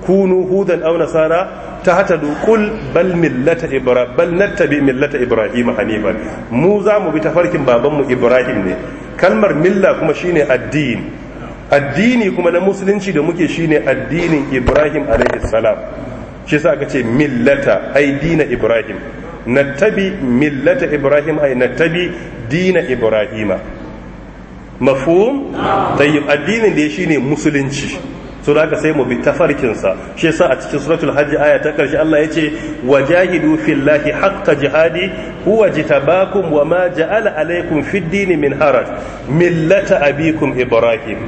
kunu hudan aw nasara hata dukul bal millata ibrahim bal nattabi millata ibrahima hanifan mu zamu bi tafarkin babanmu ibrahim ne kalmar milla kuma shine addini addini kuma na musulunci da muke shine addinin ibrahim alaihi salam shi sa aka ce millata ai dina ibrahim nattabi millata ibrahim ai nattabi dina ibrahima mafhum tayyib addinin da shine musulunci so da aka sai mu bi farkinsa? shi yasa a cikin suratul hajj aya ta karshe Allah ya ce wajahidu fillahi haqqa jihadi huwa jitabakum wa ma ja'ala alaykum fid din min haraj millata abikum ibrahim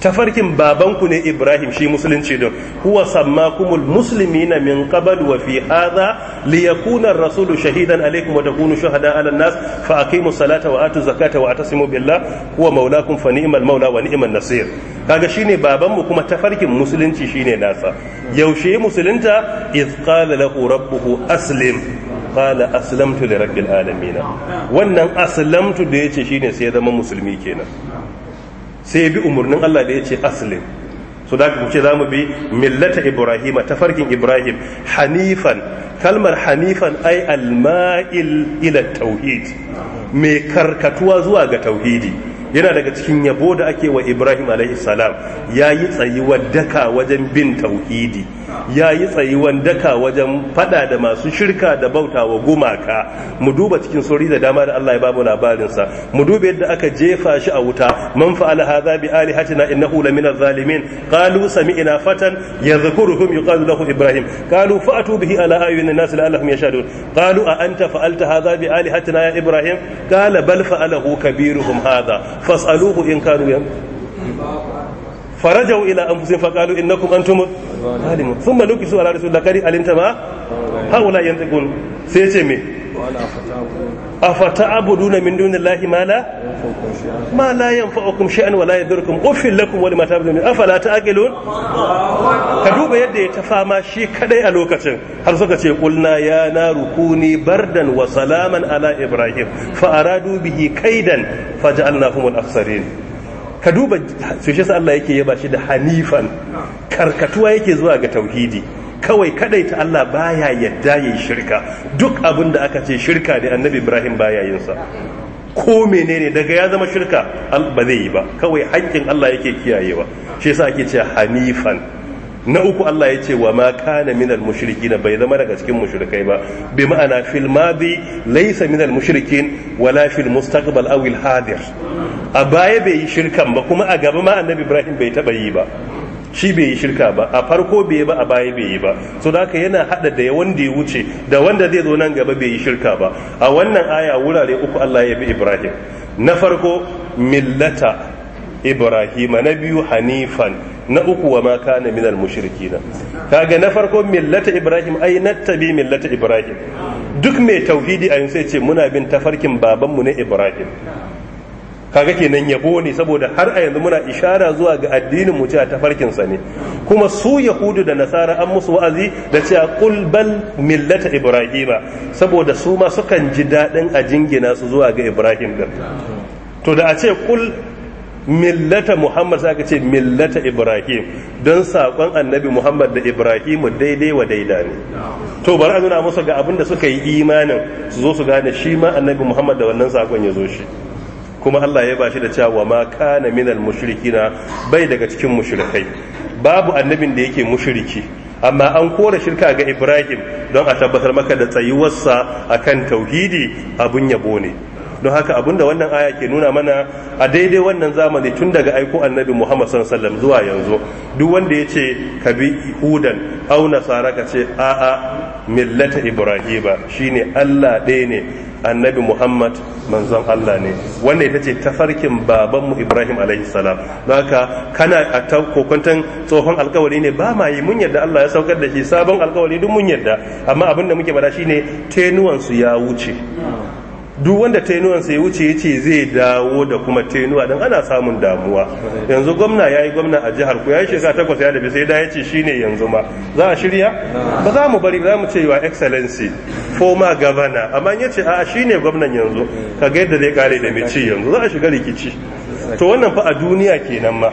tafarkin babanku ne ibrahim shi musulunci don huwa sammakumul muslimina min qabl wa fi hadha liyakuna rasulu shahidan alaykum wa takunu shuhada 'ala an-nas fa aqimus salata wa atu zakata wa atasimu billah huwa maulakum fa ni'mal maula wa ni'man nasir kaga shine babanmu kuma tafarkin musulunci shine nasa yaushe musulunta iz qala lahu rabbuhu aslim qala aslamtu li rabbil alamin wannan aslamtu da yace shine sai ya zama musulmi kenan sai bi umarnin Allah da ya ce aslim so da mu ce za mu bi millata ibrahim tafarkin ibrahim hanifan kalmar hanifan ai alma'il ila tauhid mai karkatuwa zuwa ga tauhidi yana daga cikin yabo da ake wa ibrahim alaihi salam ya yi tsayuwar daka wajen bin tauhidi ya yi tsayuwan daka wajen fada da masu shirka da bauta wa gumaka mu duba cikin sori da dama da Allah ya babu labarinsa mu duba yadda aka jefa shi a wuta man fa'ala hadha bi alihatina innahu la min zalimin qalu sami'na fatan yadhkuruhum yuqalu lahu ibrahim qalu fa'atu bihi ala nas la'allahum qalu a anta fa'alta hadha bi alihatina ya ibrahim qala bal fa'alahu kabiruhum hadha fas'aluhu in kanu farajau ila anfusihim faqalu innakum antum zalimun thumma nukisu ala rasul laqad alimta ma haula yantiqun sai ce me afata abuduna min dunillahi ma la ma la yanfa'ukum shay'an wa la yadurrukum uffil lakum wa mata ta'budun afala ta ta'qilun ka duba yadda ya ta fama shi kadai a lokacin har suka ce qulna ya narukuni bardan wa salaman ala ibrahim fa aradu bihi kaidan fa faj'alnahum al-akhsarin ka duba su shi Allah yake yaba shi da hanifan karkatuwa yake zuwa ga tauhidi kawai kadai ta Allah baya yadda yayi shirka duk abin da aka ce shirka ne annabi Ibrahim baya yin sa ko menene daga ya zama shirka ba zai yi ba kawai haƙƙin Allah yake kiyayewa shi yasa ake cewa hanifan na uku Allah ya ce wa ma kana minal mushrikin bai zama daga cikin mushrikai ba bi ma'ana fil madi laysa minal mushrikin wala fil mustaqbal aw al hadir a baya bai yi shirkan ba kuma a gaba ma annabi Ibrahim bai taba yi ba shi bai yi shirka ba a farko bai yi ba a baya bai yi ba so da yana hada da wanda ya wuce da wanda zai zo nan gaba bai yi shirka ba a wannan aya wurare uku Allah ya bi Ibrahim na farko millata Ibrahim na biyu hanifan na uku wa ma kana minal mushrikina kaga na farko millata ibrahim ai nattabi millata ibrahim duk mai tauhidi a yanzu ce muna bin tafarkin babanmu ne ibrahim kaga kenan yabo ne saboda har a yanzu muna ishara zuwa ga addinin mu cewa tafarkin sa ne kuma su yahudu da nasara an musu wa'azi da cewa qul bal millata ibrahima saboda su ma sukan ji dadin a jingina su zuwa ga ibrahim din to da a ce kul millata muhammad sai aka ce millata ibrahim don saƙon annabi muhammad da Ibrahim daidai wa daida ne to bari a nuna musu ga abin da suka yi imanin su zo su gane shi ma annabi muhammad da wannan saƙon ya zo shi kuma allah ya bashi da cewa ma kana minal mushrikina bai daga cikin mushrikai babu annabin da yake mushriki amma an kora shirka ga ibrahim don a tabbatar maka da tsayuwarsa akan tauhidi abun yabo ne don haka abinda wannan aya ke nuna mana a daidai wannan zamani tun daga aiko annabi muhammad sallallahu alaihi wasallam zuwa yanzu duk wanda ya ce ka bi hudan au nasara ka ce a'a millata ibrahima shine allah ɗaya ne annabi muhammad manzon allah ne wannan ita ce tafarkin babanmu ibrahim alaihi salam don haka kana a ta kokonton tsohon alkawari ne ba ma yi mun yadda allah ya saukar da shi sabon alkawari duk mun yadda amma abin da muke bada shine tenuwan su ya wuce duk wanda tenuwansa ya wuce ya ce zai dawo da kuma tenuwa don ana samun damuwa yanzu gwamna ya yi gwamna a jihar ku ya yi shekara takwas ya dabi sai da ya ce shine yanzu ma za a shirya ba za mu bari ba za mu ce wa excellency former governor amma ya ce a shine gwamnan yanzu ka ga yadda zai kare da mai ci yanzu za a shiga rikici to wannan fa a duniya kenan ma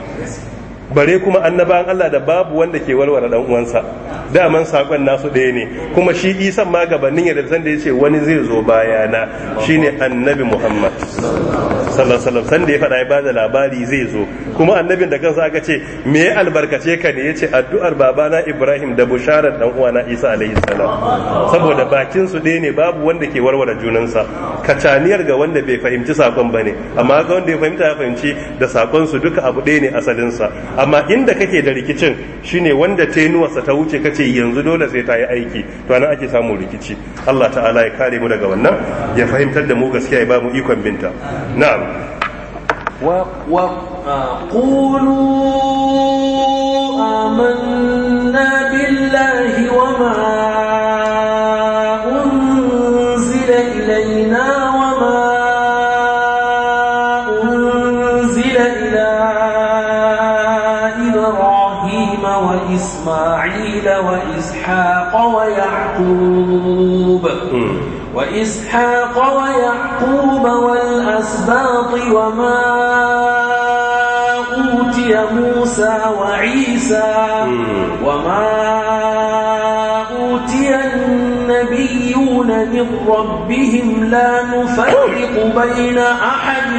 bare kuma annabawan Allah da babu wanda ke warware dan uwansa daman sakon nasu ɗaya ne kuma shi isa ma gabanin ya da da ya wani zai zo bayana shine annabi muhammad sallallahu alaihi wasallam ya faɗa ba da labari zai zo kuma annabin da kansa aka ce me ya albarkace ka ne yace addu'ar babana ibrahim da busharar dan uwana isa alaihi salam saboda bakin su ɗaya ne babu wanda ke warware junansa kacaniyar ga wanda bai fahimci sakon bane amma ga wanda ya fahimta ya fahimci da sakon su duka abu ɗaya ne asalin sa amma inda kake da rikicin shine wanda tenuwarsa ta wuce kace yanzu dole sai ta yi aiki to anan ake samun rikici Allah ta'ala ya kare mu daga wannan ya fahimtar da mu gaskiya ya ba mu ikon binta na'am wa wa qulu amanna billahi wa ma ويعقوب وإسحاق ويعقوب والأسباط وما أوتي موسى وعيسى وما أوتي النبيون من ربهم لا نفرق بين أحد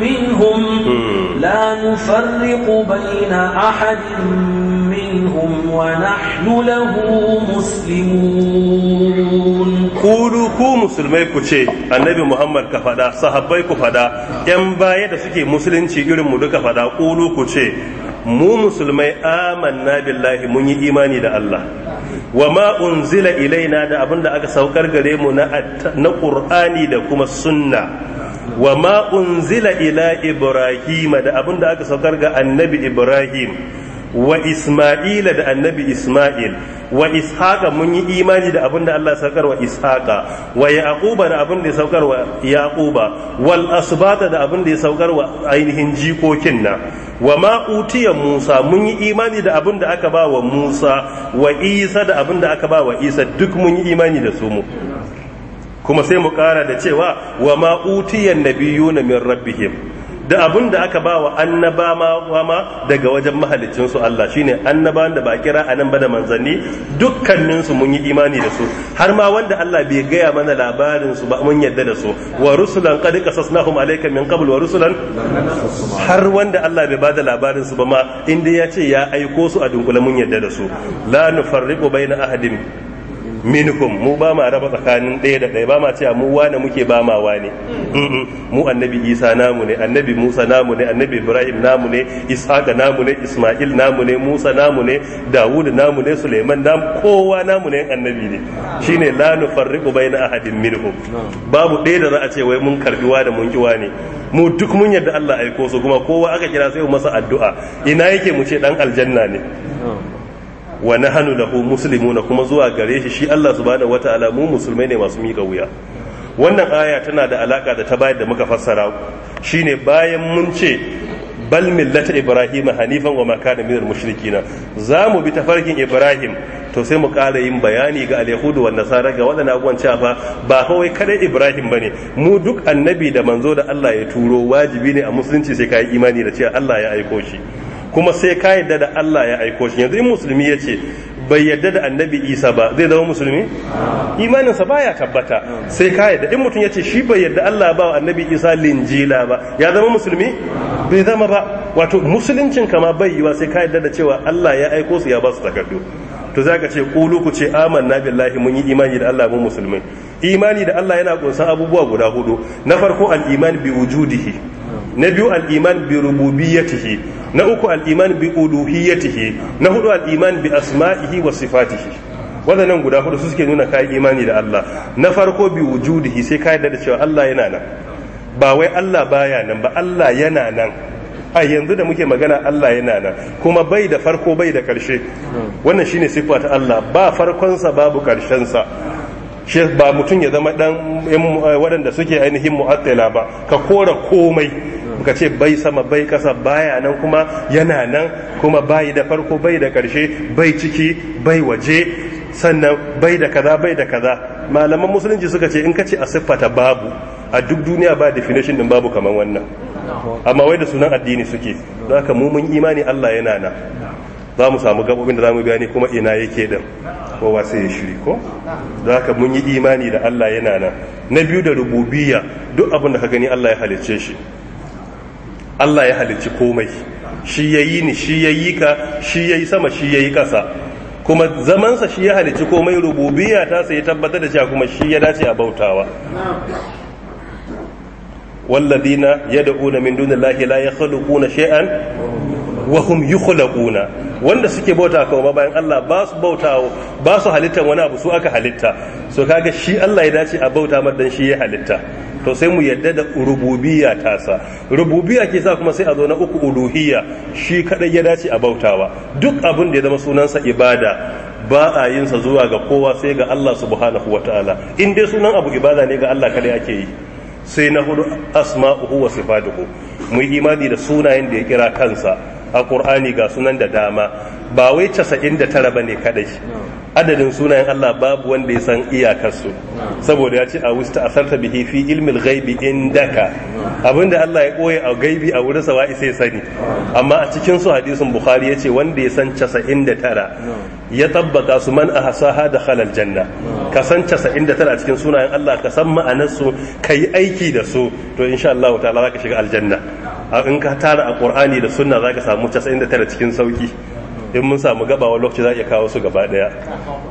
منهم لا نفرق بين أحد منهم ربكم ونحن له مسلمون قولوا كو مسلمي كوشي النبي محمد كفدا صحابي كفدا ين da suke musulunci irin mu duka fada kulu ku ce mu musulmai amanna billahi mun yi imani da Allah wa ma unzila ilaina da abin da aka saukar gare mu na na qur'ani da kuma sunna wa ma unzila ila ibrahima da abin da aka saukar ga annabi ibrahim wa isma'ila da annabi isma'il wa ishaqa mun yi imani da abin da Allah saukar wa ishaqa wa yaquba da abin da ya saukar wa yaquba wal asbata da abin da ya saukar wa ainihin jikokin na wa ma utiya musa mun yi imani da abin da aka ba wa musa wa isa da abin da aka ba wa isa duk mun yi imani da su mu kuma sai mu kara da cewa wa ma utiya nabiyuna min rabbihim da abun da aka ba wa annaba ma daga wajen mahalicinsu su Allah shine annaba da ba kira anan ba da manzanni dukkanin su mun yi imani da su har ma wanda Allah bai gaya mana labarin su ba mun yadda da su wa rusulan qad qasasnahum alayka min qabl wa rusulan har wanda Allah bai bada labarin su ba ma inda ya ce ya aiko su a dunkule mun yadda da su la nufarriqu bayna ahadin minkum mu ba ma raba tsakanin ɗaya da ɗaya ba ma cewa mu wane muke ba ma wane mu annabi isa namu ne annabi musa namu ne annabi ibrahim namu ne ishaqa namu ne isma'il namu ne musa namu ne dawud namu ne suleiman namu kowa namu ne annabi ne shine la nufarriqu baina ahadin minhum babu ɗaya da za a ce wai mun wa da mun ki wane mu duk mun yadda Allah aiko su kuma kowa aka kira sai masa addu'a ina yake mu ce dan aljanna ne wa nahnu lahu muslimuna kuma zuwa gare shi shi Allah subhanahu wataala mu musulmai ne masu mika wuya wannan aya tana da alaka da ta bayar da muka fassara shine bayan mun ce bal millata ibrahim hanifan wa ma kana minal mushrikin za mu bi tafarkin ibrahim to sai mu ƙara yin bayani ga alyahudu wa nasara ga waɗannan abubuwan cewa fa ba kawai kaɗai ibrahim bane mu duk annabi da manzo da Allah ya turo wajibi ne a musulunci sai ka imani da cewa Allah ya aiko shi kuma sai ka yadda da Allah ya aiko shi yanzu in musulmi ya ce bai yadda da annabi isa ba zai zama musulmi imaninsa ya tabbata sai ka yadda in mutum ya ce shi bai yadda Allah ba annabi isa linjila ba ya zama musulmi bai zama ba wato musuluncin kama bai yiwa sai ka yadda da cewa Allah ya aiko su ya ba su takardu to zaka ce qulu ku ce amanna billahi mun yi imani da Allah mun musulmi imani da Allah yana kunsan abubuwa guda hudu na farko al-iman bi wujudihi na biyu al-iman bi rububiyyatihi na uku al'iman bi uluhiyyatihi na hudu al'iman bi asma'ihi wa sifatihi wadannan guda hudu su suke nuna kayi imani da Allah na farko bi wujudihi sai kayi dada da cewa Allah yana nan ba wai Allah baya nan ba Allah yana nan a yanzu da muke magana Allah yana nan kuma bai da farko bai da karshe wannan shine sifa Allah ba farkonsa babu karshensa shi ba mutum ya zama dan waɗanda suke ainihin mu'attila ba ka kora komai ka ce bai sama bai kasa baya nan kuma yana nan kuma bai da farko bai da karshe bai ciki bai waje sannan bai da kaza bai da kaza malaman musulunci suka ce in ka ce a babu a duk duniya ba definition din babu kamar wannan amma wai da sunan addini suke za ka mumun imani Allah yana nan za mu samu gabobin da za mu gani kuma ina yake din kowa sai ya shiri ko za ka mun yi imani da Allah yana nan na biyu da rububiyya duk abin da ka gani Allah ya halicce shi Allah ya halicci komai shi ya yi ni shi ya yi ka shi ya yi sama shi ya yi ƙasa kuma zamansa shi ya halicci komai rububiya ta sai tabbatar da cewa kuma shi ya dace a bautawa walladina yad'una min dunillahi la yakhluquna shay'an wa hum yukhluquna wanda suke bauta ba bayan Allah ba su bautawa ba su halitta wani abu su aka halitta so kaga shi Allah ya dace a bauta madan shi ya halitta to sai mu yadda da rububiyya tasa rububiyya ke sa kuma sai a zo na uku uluhiyya shi kadai ya dace a bautawa duk abin da ya zama sunansa ibada ba a yin sa zuwa ga kowa sai ga Allah subhanahu wataala in dai sunan abu ibada ne ga Allah kadai ake yi sai na hudu asma'uhu wa sifatuhu mu yi imani da sunayen da ya kira kansa a Qur'ani ga sunan da dama ba wai 99 bane kadai adadin sunayen Allah babu wanda ya san iyakarsu saboda ya ce a wusta asarta bihi fi in ghaibi abin abinda Allah ya koya a gaibi a wurin sawa'i sai sani amma a cikin su hadisin bukhari ya ce wanda ya san 99 ya tabbata su man ahsaha da khalal janna ka san 99 a cikin sunayen Allah ka san ma'anar su kai aiki da su to insha Allah ta'ala zaka shiga aljanna in ka tara a qur'ani da sunna zaka samu 99 cikin sauki in mun samu gabawa lokaci za a kawo su gaba daya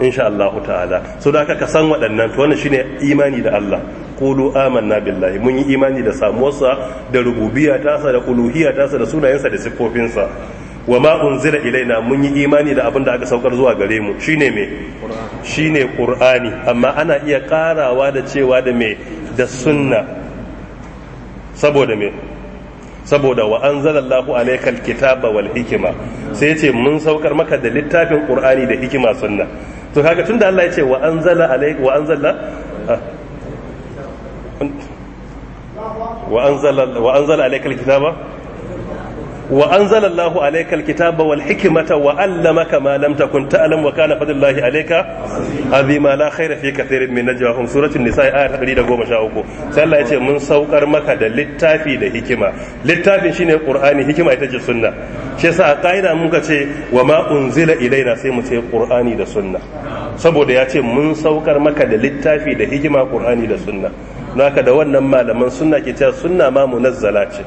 insha Allah ta'ala so da ka san waɗannan to wannan shine imani da Allah qulu amanna billahi mun yi imani da samuwarsa da rububiyya sa da uluhiyya tasa da sunayensa da siffofinsa wa ma unzila ilaina mun yi imani da abin da aka saukar zuwa gare mu shine me shine qur'ani amma ana iya karawa da cewa da me da sunna saboda me saboda wa an anzalallahu alaykal kitaba wal hikima sai yace mun saukar maka da littafin qur'ani da hikima sunna to kaga tunda Allah yace wa an zala alaik wa zala ah. wa zala wa zala alaikal kitaba wa anzalallahu alaykal kitaba wal hikimata wa 'allamaka ma lam takun ta'lam wa kana fadlullahi alayka azima la khayra fi kathirin min najwahum suratul nisaa ayat 113 sai Allah yace mun saukar maka da littafi da hikima littafin shine qur'ani hikima ita ce sunna shi yasa kaida mun ka ce wa ma unzila ilaina sai mu ce qur'ani da sunna saboda ya ce mun saukar maka da littafi da hikima qur'ani da sunna haka da wannan malaman sunna ke cewa sunna ma munazzala ce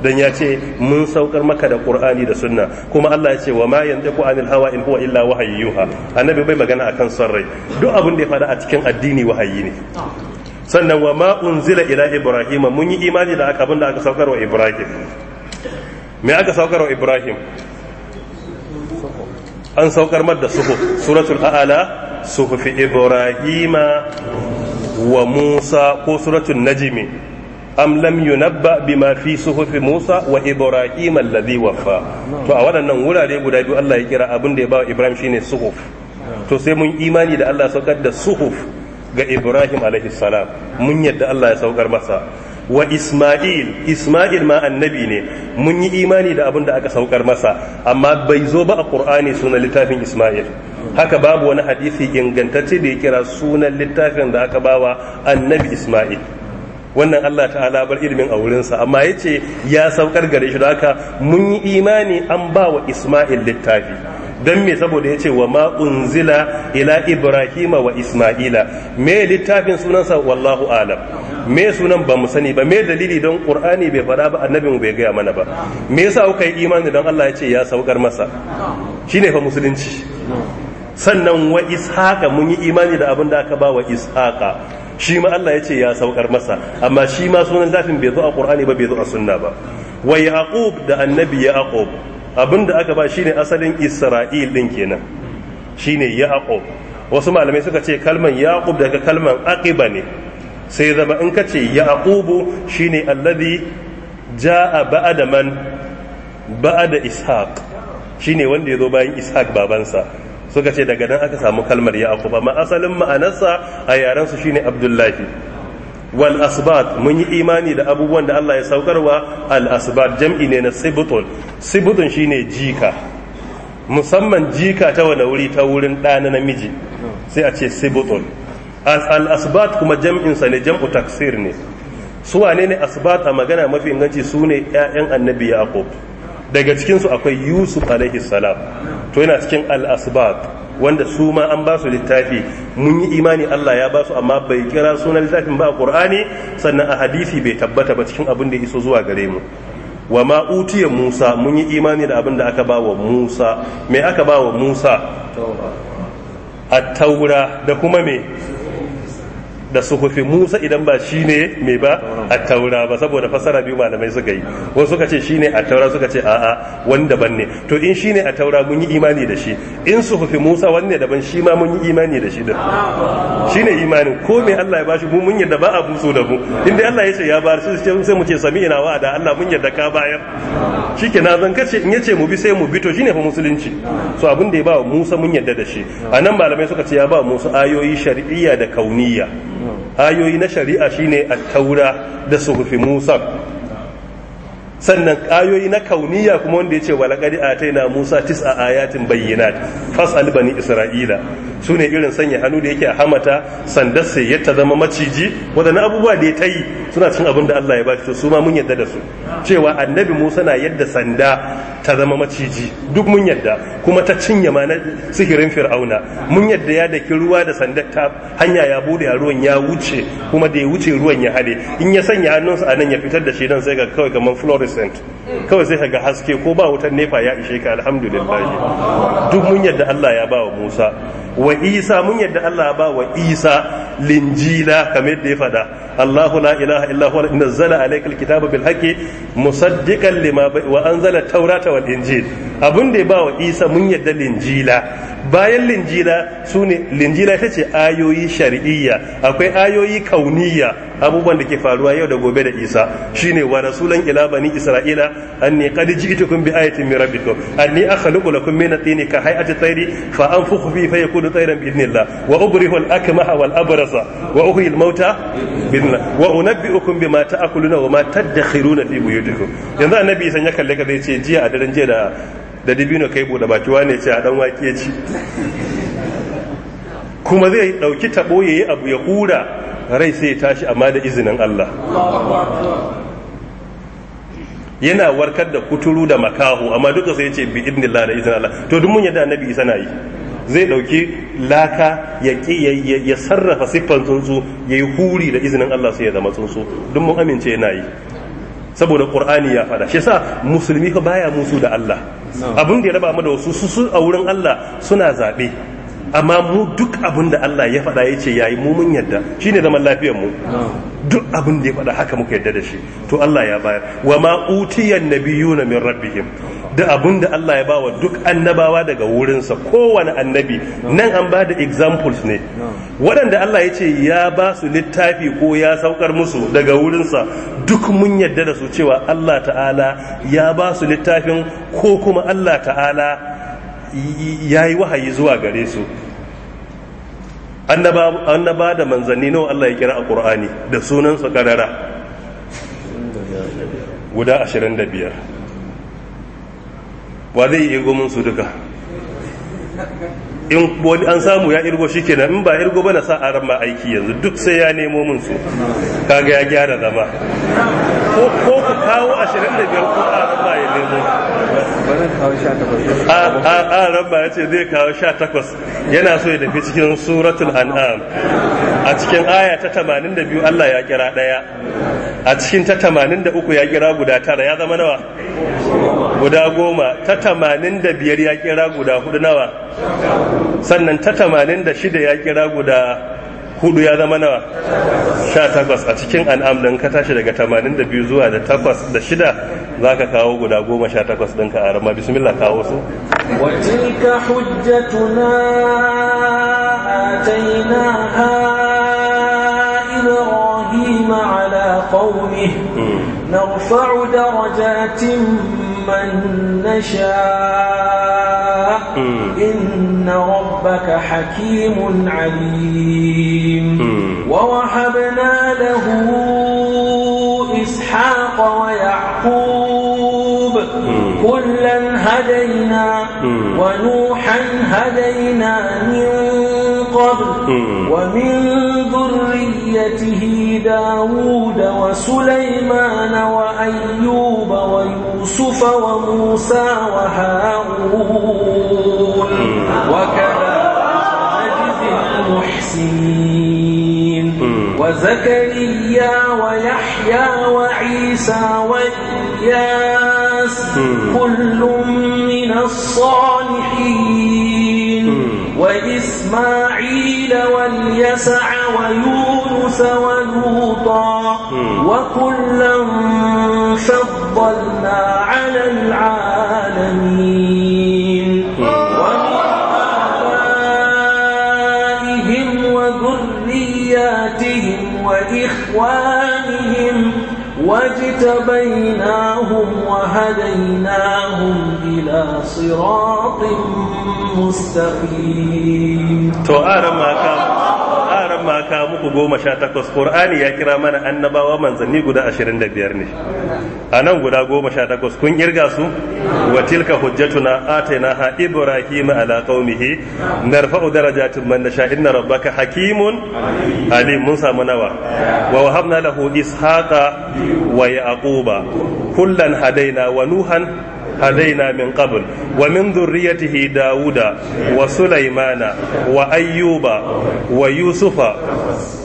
dan ya ce mun saukar maka da qur'ani da sunna kuma Allah ya ce wa ma yantiqu anil hawa in huwa illa wahayyuha annabi bai magana akan son rai duk abin da ya fada a cikin addini wahayi ne sannan wa ma unzila ila ibrahima mun yi imani da aka abin aka saukar wa ibrahim me aka saukar wa ibrahim an saukar mar da suhuf suratul a'la suhufi ibrahima wa Musa ko suratul Najimi am lam yunabba bima fi suhufi Musa wa Ibrahim alladhi waffa to a waɗannan wurare guda biyu Allah ya kira abin da ya bawa Ibrahim shine suhuf to sai mun imani da Allah saukar da suhuf ga Ibrahim alaihi salam mun yadda Allah ya saukar masa wa Ismail Ismail ma annabi ne mun yi imani da abin da aka saukar masa amma bai zo ba a Qur'ani sunan littafin Ismail haka babu wani hadisi ingantacce da ya kira sunan littafin da aka bawa annabi Ismail wannan Allah ta'ala bar ilimin a wurinsa amma ya ce ya saukar gare shi da haka mun yi imani an ba wa Ismail littafi don me saboda ya ce wa ma unzila ila ibrahima wa isma'ila me littafin sunansa wallahu alam me sunan ba mu sani ba me dalili don qur'ani bai fara ba annabi mu bai gaya mana ba me yasa kuka yi imani don Allah ya ya saukar masa shine fa musulunci sannan wa ishaqa mun yi imani da abin da aka ba wa ishaqa shi ma Allah ya ya saukar masa amma shi ma sunan lafin bai zo a Qur'ani ba bai zo a sunna ba wa yaqub da annabi yaqub abin da aka ba shi ne asalin isra'il din kenan shi ne yaqub wasu malamai suka ce kalman yaqub daga kalman aqiba ne sai zama in ka ce allazi ja alladhi jaa da man da ishaq ne wanda ya zo bayan ishaq babansa suka ce daga nan aka samu kalmar yaqub amma asalin ma'anarsa a yarensu ne abdullahi wal asbat mun yi imani da abubuwan da Allah ya saukarwa al asbat jam'i ne na sibutun sibutun shine jika musamman jika ta wani wuri ta wurin ɗa na namiji sai a ce sibtun al asbat kuma jam'in sa ne jam'u taksir ne su wane ne asbat a magana mafi inganci su ne ƴaƴan annabi yaqub daga cikin su akwai yusuf alaihi salam to yana cikin al asbat wanda su ma an ba su littafi mun yi imani Allah ya ba su amma bai kira sunan littafin ba a Qur'ani sannan a hadisi bai tabbata ba cikin abin da ya iso zuwa gare mu wa ma utiya Musa mun yi imani da abin da aka ba wa Musa me aka ba wa Musa at-taura da kuma me da suhufi Musa idan ba shine mai ba a taura ba saboda fasara biyu malamai suka yi Wani suka ce shine a taura suka ce a'a wani daban ne to in shine a taura mun yi imani da shi in suhufi Musa wanne daban shi ma mun yi imani da shi din shine imanin ko me Allah ya bashi mu mun yadda ba a buso da mu inda Allah ya ce ya bar su sai mu ce sami'ina wa da Allah mun yadda ka bayar shike na zan kace in yace mu bi sai mu bi to shine fa musulunci so abin da ya ba Musa mun yadda da shi anan malamai suka ce ya ba Musa ayoyi shar'iyya da kauniyya ayoyi na shari'a shine at-taura da suhufi musa sannan ayoyi na kauniya kuma wanda ya ce wa laƙari a musa tis a ayatin bayyana fasal bani isra'ila su ne irin sanya hannu da yake a hamata sandar sai ya ta zama maciji waɗannan abubuwa da ya ta yi suna cin abin da allah ya ba su ma mun yadda da su cewa annabi musa na yadda sanda ta zama maciji duk mun yadda kuma ta cinye ma na sihirin fir'auna mun yadda ya daki ruwa da sandar ta hanya ya bude a ruwan ya wuce kuma da ya wuce ruwan ya hade in ya sanya hannunsa a nan ya fitar da shi nan sai ga kawai kamar 100% kawai sai ga haske ko ba wutar nefa ya ishe ka alhamdulillah duk mun yadda Allah ya ba wa Musa wa Isa mun yadda Allah ya ba wa Isa linjila kamar da ya fada Allahu la ilaha illa huwa nazzala alaykal kitaba bil haqqi musaddiqan lima wa anzala tawrata wal injil abun da ya ba wa Isa mun yadda linjila bayan linjila sune linjila ita ce ayoyi shar'iyya akwai ayoyi kauniyya abubuwan da ke faruwa yau da gobe da isa shine wa rasulan ila bani isra'ila anni qad ji'tukum bi ayatin min rabbikum anni akhluqu lakum min at-tini ka hay'ati at-tayri fa anfukhu fi fa yakunu tayran bi idnillah wa ubrihu al-akmaha wal abrasa wa uhyi al-mauta bi idnillah wa unabbi'ukum bima ta'kuluna wa ma tadakhiruna fi buyutikum yanzu annabi san ya kalle ka zai ce jiya a daren jiya da da dibino kai bude baki wane ce a dan wake ci kuma zai dauki tabo abu ya hura rai sai tashi amma da izinin Allah yana warkar da kuturu da makaho amma duka sai ya ce bi idnillah da izinin Allah to duk mun yadda annabi isa na yi zai dauki laka ya ya sarrafa siffan tsuntsu yayi huri da izinin Allah sai ya zama tsuntsu duk mun amince yana yi saboda qur'ani ya fada shi yasa musulmi ka baya musu da Allah abin da ya raba mu da wasu su a wurin Allah suna zabe amma mu duk abin da Allah ya faɗa ya ce yayi mu mun yadda shine zaman lafiyar mu duk abin da ya faɗa haka muka yadda da shi to Allah ya bayar wa ma utiyan nabiyuna min rabbihim da abin da Allah ya bawa duk annabawa daga wurinsa kowane annabi nan an ba da examples ne waɗanda Allah ya ce ya ba su littafi ko ya saukar musu daga wurinsa duk mun yadda da su cewa Allah ta'ala ya ba su littafin ko kuma Allah ta'ala ya yi wahayi zuwa gare su An ba da manzanni nawa Allah ya kira a ƙur'ani da sunansu ƙarara guda 25 wa zai yi gomin su duka in wani an samu ya irgo shi kenan in ba irgo ba na sa aran ma aiki yanzu duk sai ya nemo min su kaga ya gyara zama ko ku kawo 25 ko aran ba ya nemo a rabba ya ce zai kawo sha takwas yana so ya tafi cikin suratul an'am a cikin aya ta tamanin da biyu Allah ya kira ɗaya a cikin ta tamanin da uku ya kira guda tara ya zama nawa guda goma ta tamanin da biyar ya kira guda hudu nawa sannan ta tamanin da shida ya kira guda hudu ya zama nawa sha takwas a cikin an'am ɗin ka tashi daga tamanin da biyu zuwa da takwas da shida za ka kawo guda goma sha takwas ka a rama bismillah kawo su watilka hujjatuna ataina ha ibrahim ala qaumihi hmm. نرفع درجات من نشاء إن ربك حكيم عليم ووهبنا له إسحاق ويعقوب كلا هدينا ونوحا هدينا من قبل ومن ذريته داود وسليمان وأيوب ويوسف وموسى وهارون وكذا نجزي المحسنين وزكريا ويحيى وعيسى وإلياس كل من الصالحين وإسماعيل والسبيل واليسع ويونس ولوطا وكلا فضلنا على العالمين ومن وذرياتهم وإخوانهم واجتبيناهم وهديناهم إلى صراط مستقيم. تو آرما amma muku goma sha takwas ƙur'ani ya kira mana annabawa manzanni guda ashirin da biyar ne a nan guda goma sha takwas kun kirga su wa tilka hujjatuna ha ibrahim ala qaumihi narfa'u darajatin man nasha inna rabbaka hakimun alim mun samu nawa wa wahabna lahu ishaqa wa yaquba kullan hadaina wa nuhan هدينا من قبل ومن ذريته داود وسليمان وأيوب ويوسف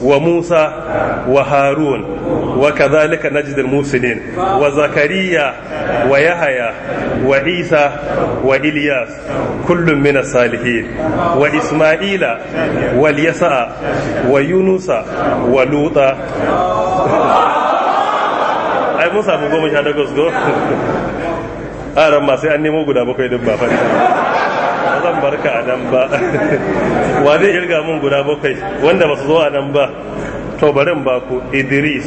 وموسى وهارون وكذلك نجد المحسنين وزكريا ويحيى وعيسى وإلياس كل من الصالحين وإسماعيل واليسع ويونس ولوطا ai mun samu goma sha takwas go aran ma sai an nemo guda bakwai din ba fari ba zan barka a nan ba wa zai irga mun guda bakwai wanda ba su zo a nan ba to barin ba ku idris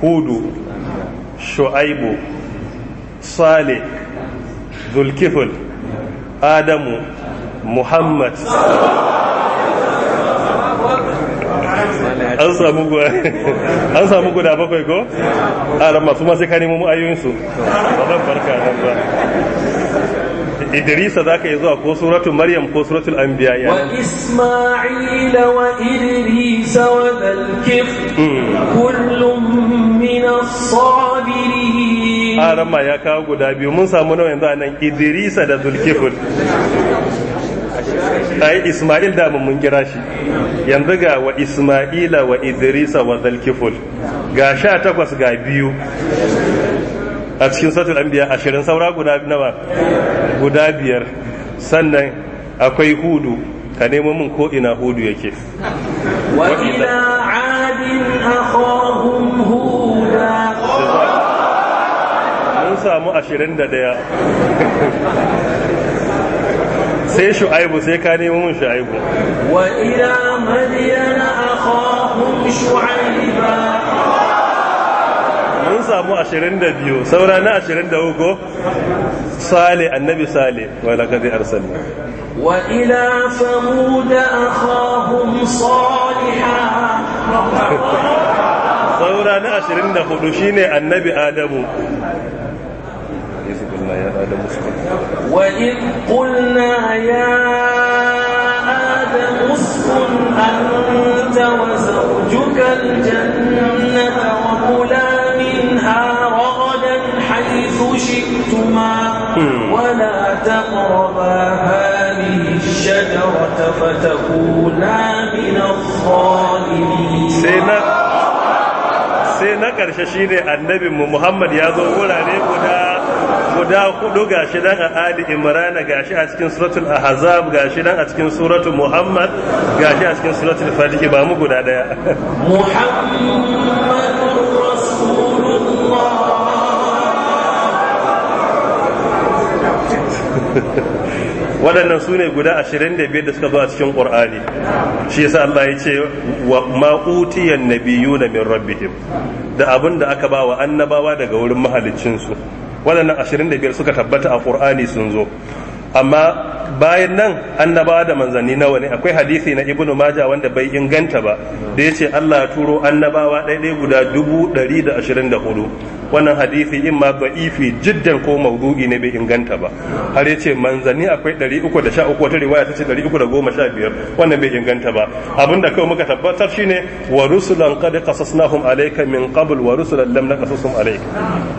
hudu shu'aibu salih zulkiful adamu muhammad an samu guda an samu guda bakwai ko a ran masu masu kanimu mu ayoyinsu ba zan farka nan ba idrisa za ka yi zuwa ko suratul maryam ko suratul anbiya ya wa isma'ila wa idrisa wa dalkif hmm. kullum min as sabiri a ran ma ya kawo guda biyu mun samu nawa yanzu anan idrisa da zulkifl ai Isma'il da mun kira shi yanzu ga wa Isma'ila wa Idrisa wa Zalkiful ga sha takwas ga biyu a cikin satul anbiya ashirin saura guda nawa guda biyar sannan akwai hudu ka nemo min ko ina hudu yake wa ila adin akhahum huda mun samu ashirin da daya *laughs* sai shu'aibu sai ka nemo mun shu'aibu wa ila madiyana akhahum shu'aiba mun samu 22 saura na 23 sale annabi sale wa laqad arsalna wa ila samud akhahum salihah *laughs* saura na 24 shine annabi adamu قلنا يا آدم اسكن وإذ قلنا يا آدم اسكن أنت وزوجك الجنة وكلا منها رغدا حيث شئتما ولا تقربا هذه الشجرة فتكونا من الظالمين sai na ƙarshe shi ne annabinmu muhammad ya zo wurare guda guda hudu gashi nan a ali imran gashi a cikin suratul ahzab gashi nan a cikin suratul muhammad gashi a cikin suratul fatih ba mu guda daya muhammadur rasulullah *laughs* waɗannan su ne guda 25 da suka zo a cikin ƙur'ani shi yasa Allah ya ce wa ma'utiyan nabiyuna min rabbihim da abin da aka ba wa annabawa daga wurin su. waɗannan 25 suka tabbata a ƙorani sun zo amma bayan nan annabawa da manzanni nawa ne akwai hadisi na ibnu maja wanda bai inganta ba da ya ce allah ya turo annabawa ɗaiɗai guda dubu ɗari da ashirin da hudu wannan hadisi in ma ifi jiddan ko maudu'i ne bai inganta ba har ya ce manzanni akwai ɗari uku da sha uku wata riwaya ta ce ɗari uku da goma sha biyar wannan bai inganta ba abin da muka tabbatar shine wa rusulan qad qasasnahum alayka min qabl wa rusulan lam naqasasum alayka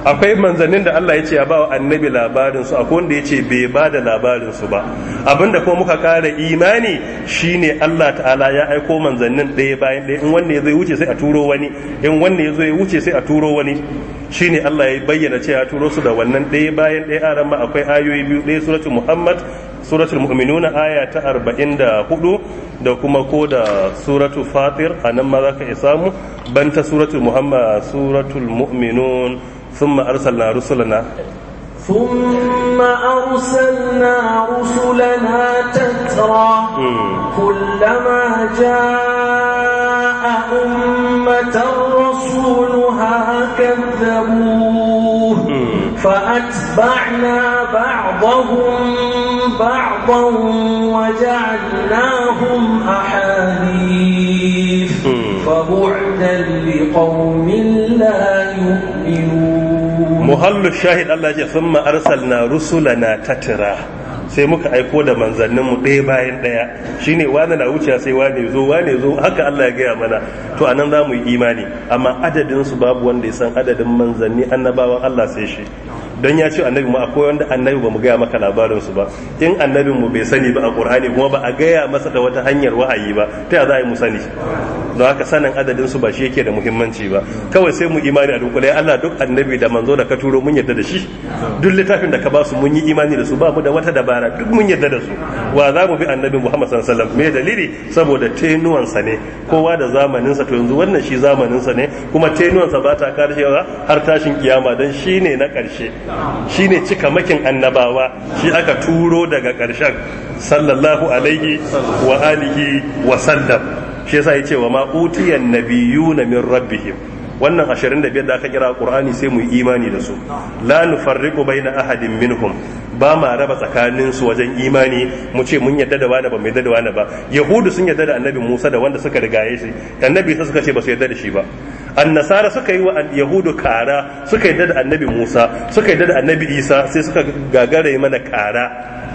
akwai manzannin da allah ya ce ya ba wa annabi labarin su akwai wanda ya ce bai ba da labarin labarinsu ba abinda kuma muka kara imani shine Allah ta'ala ya aiko manzannin ɗaya bayan ɗaya in wanne ya wuce sai a turo wani in wanne ya zo ya wuce sai a turo wani shine Allah ya bayyana cewa turo su da wannan ɗaya bayan ɗaya a ma akwai ayoyi biyu ɗaya suratul Muhammad suratul mu'minuna aya ta arba'in da hudu kuma ko da suratul fatir anan ma zaka iya samu banta suratul Muhammad suratul mu'minun thumma arsalna rusulana ثم أرسلنا رسلنا تترى كلما جاء أمة رسولها كذبوه فأتبعنا بعضهم بعضا وجعلناهم أحاديث فبعدا لقوم muhallu shahid Allah ce sun rusula na tatira sai muka aiko da mu ɗaya bayan ɗaya shine wani na wuce sai wani zo wani zo haka Allah ya gaya mana to anan za mu yi imani amma adadin su babu wanda ya san adadin manzanni annabawan Allah sai shi don ya ce annabi mu akwai wanda annabi ba mu gaya maka labarin su ba in annabin mu bai sani ba a qur'ani kuma ba a gaya masa da wata hanyar wa'ayi ba ta ya za a yi mu sani don haka sanin adadin su ba shi yake da muhimmanci ba kawai sai mu imani a dukkan Allah duk annabi da manzo da ka turo mun yadda da shi duk littafin da ka ba su mun yi imani da su ba mu da wata dabara duk mun yadda da su wa za mu bi annabi Muhammad sallallahu alaihi wasallam me dalili saboda sa ne kowa da zamanin sa to yanzu wannan shi zamanin sa ne kuma tenuwan sa ba ta karshewa har tashin kiyama dan shine na karshe shine cika makin annabawa shi aka turo daga ƙarshen sallallahu alaihi wa alihi wa sallam shi yasa yace wa ma nabiyu na min rabbihim wannan 25 da aka kira qur'ani sai mu yi imani da su la nufarriqu baina ahadin minhum ba ma raba tsakanin su wajen imani mu ce mun yadda da wani ba mu yadda da wani ba yahudu sun yadda da annabi musa da wanda suka rigaye shi annabi sai suka ce ba su yadda da shi ba annasara suka yi wa yahudu kara suka yadda da annabi musa suka yadda da annabi isa sai suka gagare mana kara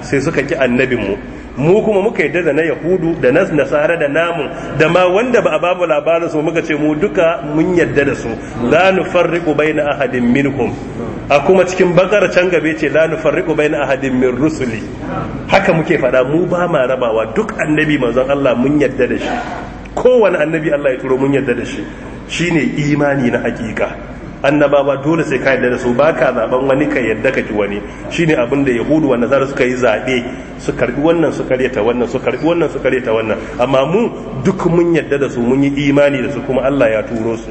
sai suka ki annabin mu mu kuma muka yadda da na yahudu da na nasara da namu da ma wanda ba a babu labarin su muka ce mu duka mun yadda da su la nufarriqu baina ahadin minkum a kuma cikin bakar can gabe ce la nufarriqu baina ahadin min rusuli haka muke fada mu ba ma rabawa duk annabi manzon Allah mun yadda da shi kowanne annabi Allah ya turo mun yadda da shi shine imani na hakika annabawa dole sai ka yadda da su baka zaben wani ka yadda ka ki wani shine abin da yahudu wa nazar suka yi zaɓe su karbi wannan su karyata wannan su karbi wannan su karyata wannan amma mu duk mun yadda da su mun yi imani da su kuma Allah ya turo su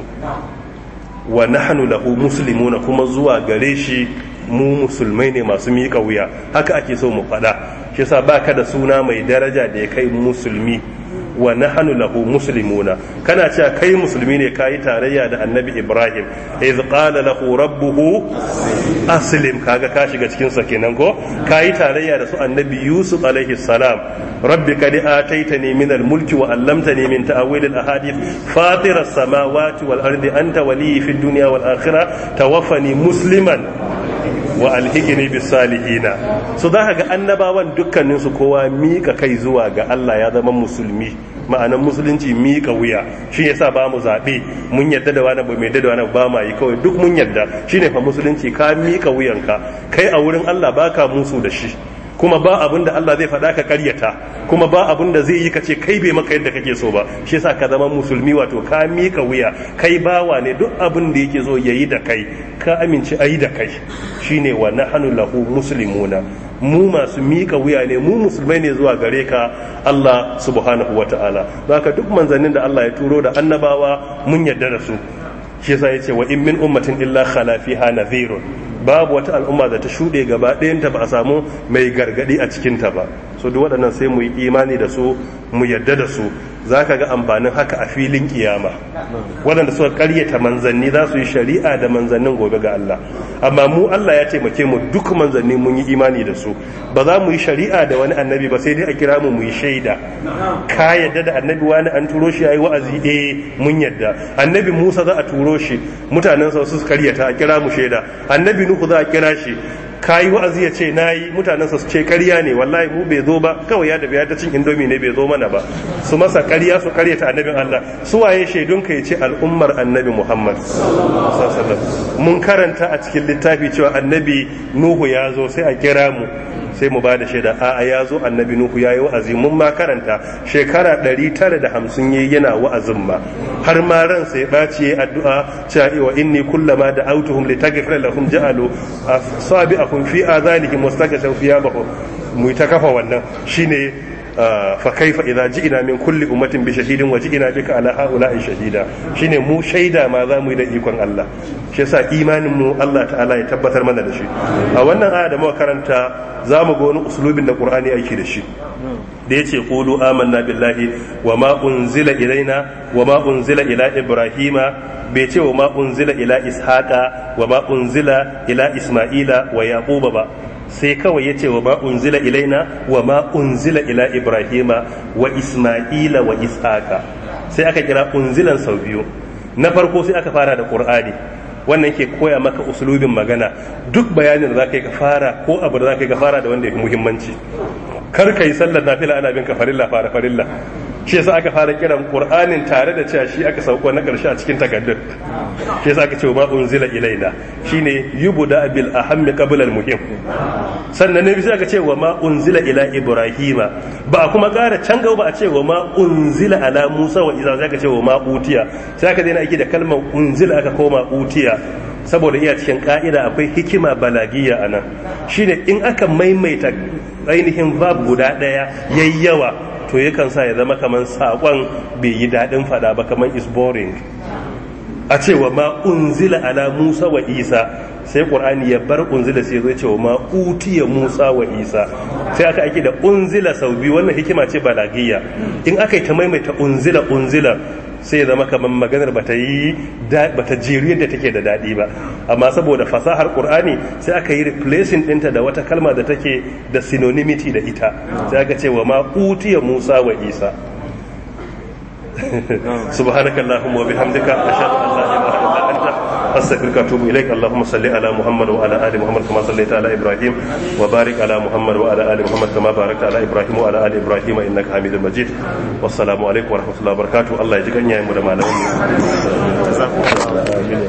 wa nahnu lahu muslimuna kuma zuwa gare shi mu musulmai ne masu miƙa wuya haka ake so mu faɗa shi yasa baka da suna mai daraja da ya kai musulmi wa nahnu lahu muslimuna kana cewa kai musulmi ne kai tarayya da annabi ibrahim iz qala lahu rabbuhu aslim kaga ka shiga cikin sa kenan ko kai tarayya da su annabi yusuf alaihi salam rabbi kad ataitani min al-mulki wa allamtani min ta'wil al-ahadith fatir as-samawati wal ardi anta waliyyi fid dunya wal akhirah tawaffani musliman wa alhigini bi salihina so zaka ga annabawan dukkanin su kowa mika kai zuwa ga Allah ya zama musulmi ma'anan musulunci mika wuya shi yasa ba mu zabe mun yadda da wani mai yadda da wani ba ma yi kawai duk mun yadda shine fa musulunci ka mika wuyanka kai a wurin Allah baka musu da shi kuma ba abin da Allah zai faɗa ka karyata kuma ba abin da zai yi ka ce kai bai maka yadda kake so ba shi yasa ka zama musulmi wato ka mika wuya kai bawa ne duk abin da yake zo yayi da kai ka amince ayi da kai shine wa nahnu lahu muslimuna mu masu mika wuya ne mu musulmai ne zuwa gare ka Allah subhanahu wataala baka duk manzannin da Allah ya turo da annabawa mun yarda da su shi yasa yace wa in min ummatin illa khala fiha nadhirun babu wata al'umma da ta shuɗe gaba ɗayanta ba a samu mai gargaɗi a cikinta ba so duk waɗannan sai mu yi imani da su mu yadda da su za ka ga amfanin haka a filin kiyama waɗanda suka karyata manzanni za su yi shari'a da manzannin gobe ga Allah amma mu Allah ya taimake mu duk manzanni mun yi imani da su ba za mu yi shari'a da wani annabi ba sai dai a kira mu mu yi shaida ka yadda da annabi wani an turo shi yayi wa'azi eh mun yadda annabi Musa za a turo shi mutanen sa su karyata a kira mu shaida annabi Nuhu za a kira shi kayi wa'azi ya ce na yi mutanen su ce karya ne wallahi mu bai zo ba kawai ya dabi ya ta cin indomi ne bai zo mana ba su masa karya su ƙarya ta annabin Allah su waye shaidun ka ce al'ummar annabi Muhammad mun karanta a cikin littafi cewa annabi Nuhu ya zo sai a kira mu sai mu ba da shaida a'a ya zo annabi nuhu ya yayi wa'azi mun ma karanta shekara 950 yayi yana wa'azin ma har ma ran sai baci addu'a cewa wa inni kullama da autuhum litaghfira lahum ja'alu sabi'ahum fi adhanihim wastaqashaw thiyabahum mu ta kafa wannan shine fa kaifa idza ji'na min kulli ummatin bi shahidin wa ji'na bika ala haula'i shahida shine mu shaida ma za mu yi da ikon Allah shi yasa imanin mu Allah ta'ala ya tabbatar mana da shi a wannan aya da muka karanta za mu ga wani uslubin da Qur'ani yake da shi da yace qulu amanna billahi wa ma unzila wa ma unzila ila ibrahima bai ce wa ma unzila ila ishaqa wa ma unzila ila isma'ila wa yaquba ba sai kawai ya ce wa ma unzila ilaina wa ma unzila ila ibrahima wa isma'ila wa isaka sai aka kira unzilan sau biyu na farko sai aka fara da qur'ani wannan ke koya maka usulubin magana duk bayanin da zaka yi ka fara ko abu da zaka yi ka fara da wanda ya fi muhimmanci kar ka yi sallar nafila ana bin ka farilla fara farilla shi yasa aka fara kiran qur'anin tare da cewa shi aka sauko na karshe a cikin takaddun shi yasa aka ce ma unzila ilaina shine yubda bil ahammi qabla al muhim sannan ne sai aka ce wa ma unzila ila ibrahima ba kuma kara can ba a ce wa ma unzila ala musa wa isa sai aka ce wa ma utiya sai aka daina aiki da kalmar unzila aka koma utiya saboda iya cikin ka'ida akwai hikima balagiya anan shine in aka maimaita ainihin verb guda daya yayyawa to yakan sa ya zama kamar saƙon bai yi daɗin faɗa ba kamar is boring a ce wa ma unzila ala musa wa isa sai qur'ani ya bar unzila sai zai ce wa ma utiya musa wa isa sai aka aiki da unzila sau biyu wannan hikima ce balagiyya in aka yi ta maimaita unzila unzila sai ya zama kamar maganar bata yi bata jiri yadda take da daɗi ba amma saboda fasahar qur'ani sai aka yi replacing ɗinta da wata kalma da take da sinonimiti da ita sai aka ce wa ma musa wa isa سبحانك اللهم وبحمدك أشهد أن لا إله إلا أنت أستغفرك وأتوب إليك اللهم صل على محمد وعلى آل محمد كما صليت على إبراهيم وبارك على محمد وعلى آل محمد كما باركت على إبراهيم وعلى آل إبراهيم إنك حميد مجيد والسلام عليكم ورحمة الله وبركاته الله يجزيك أن يعمل ما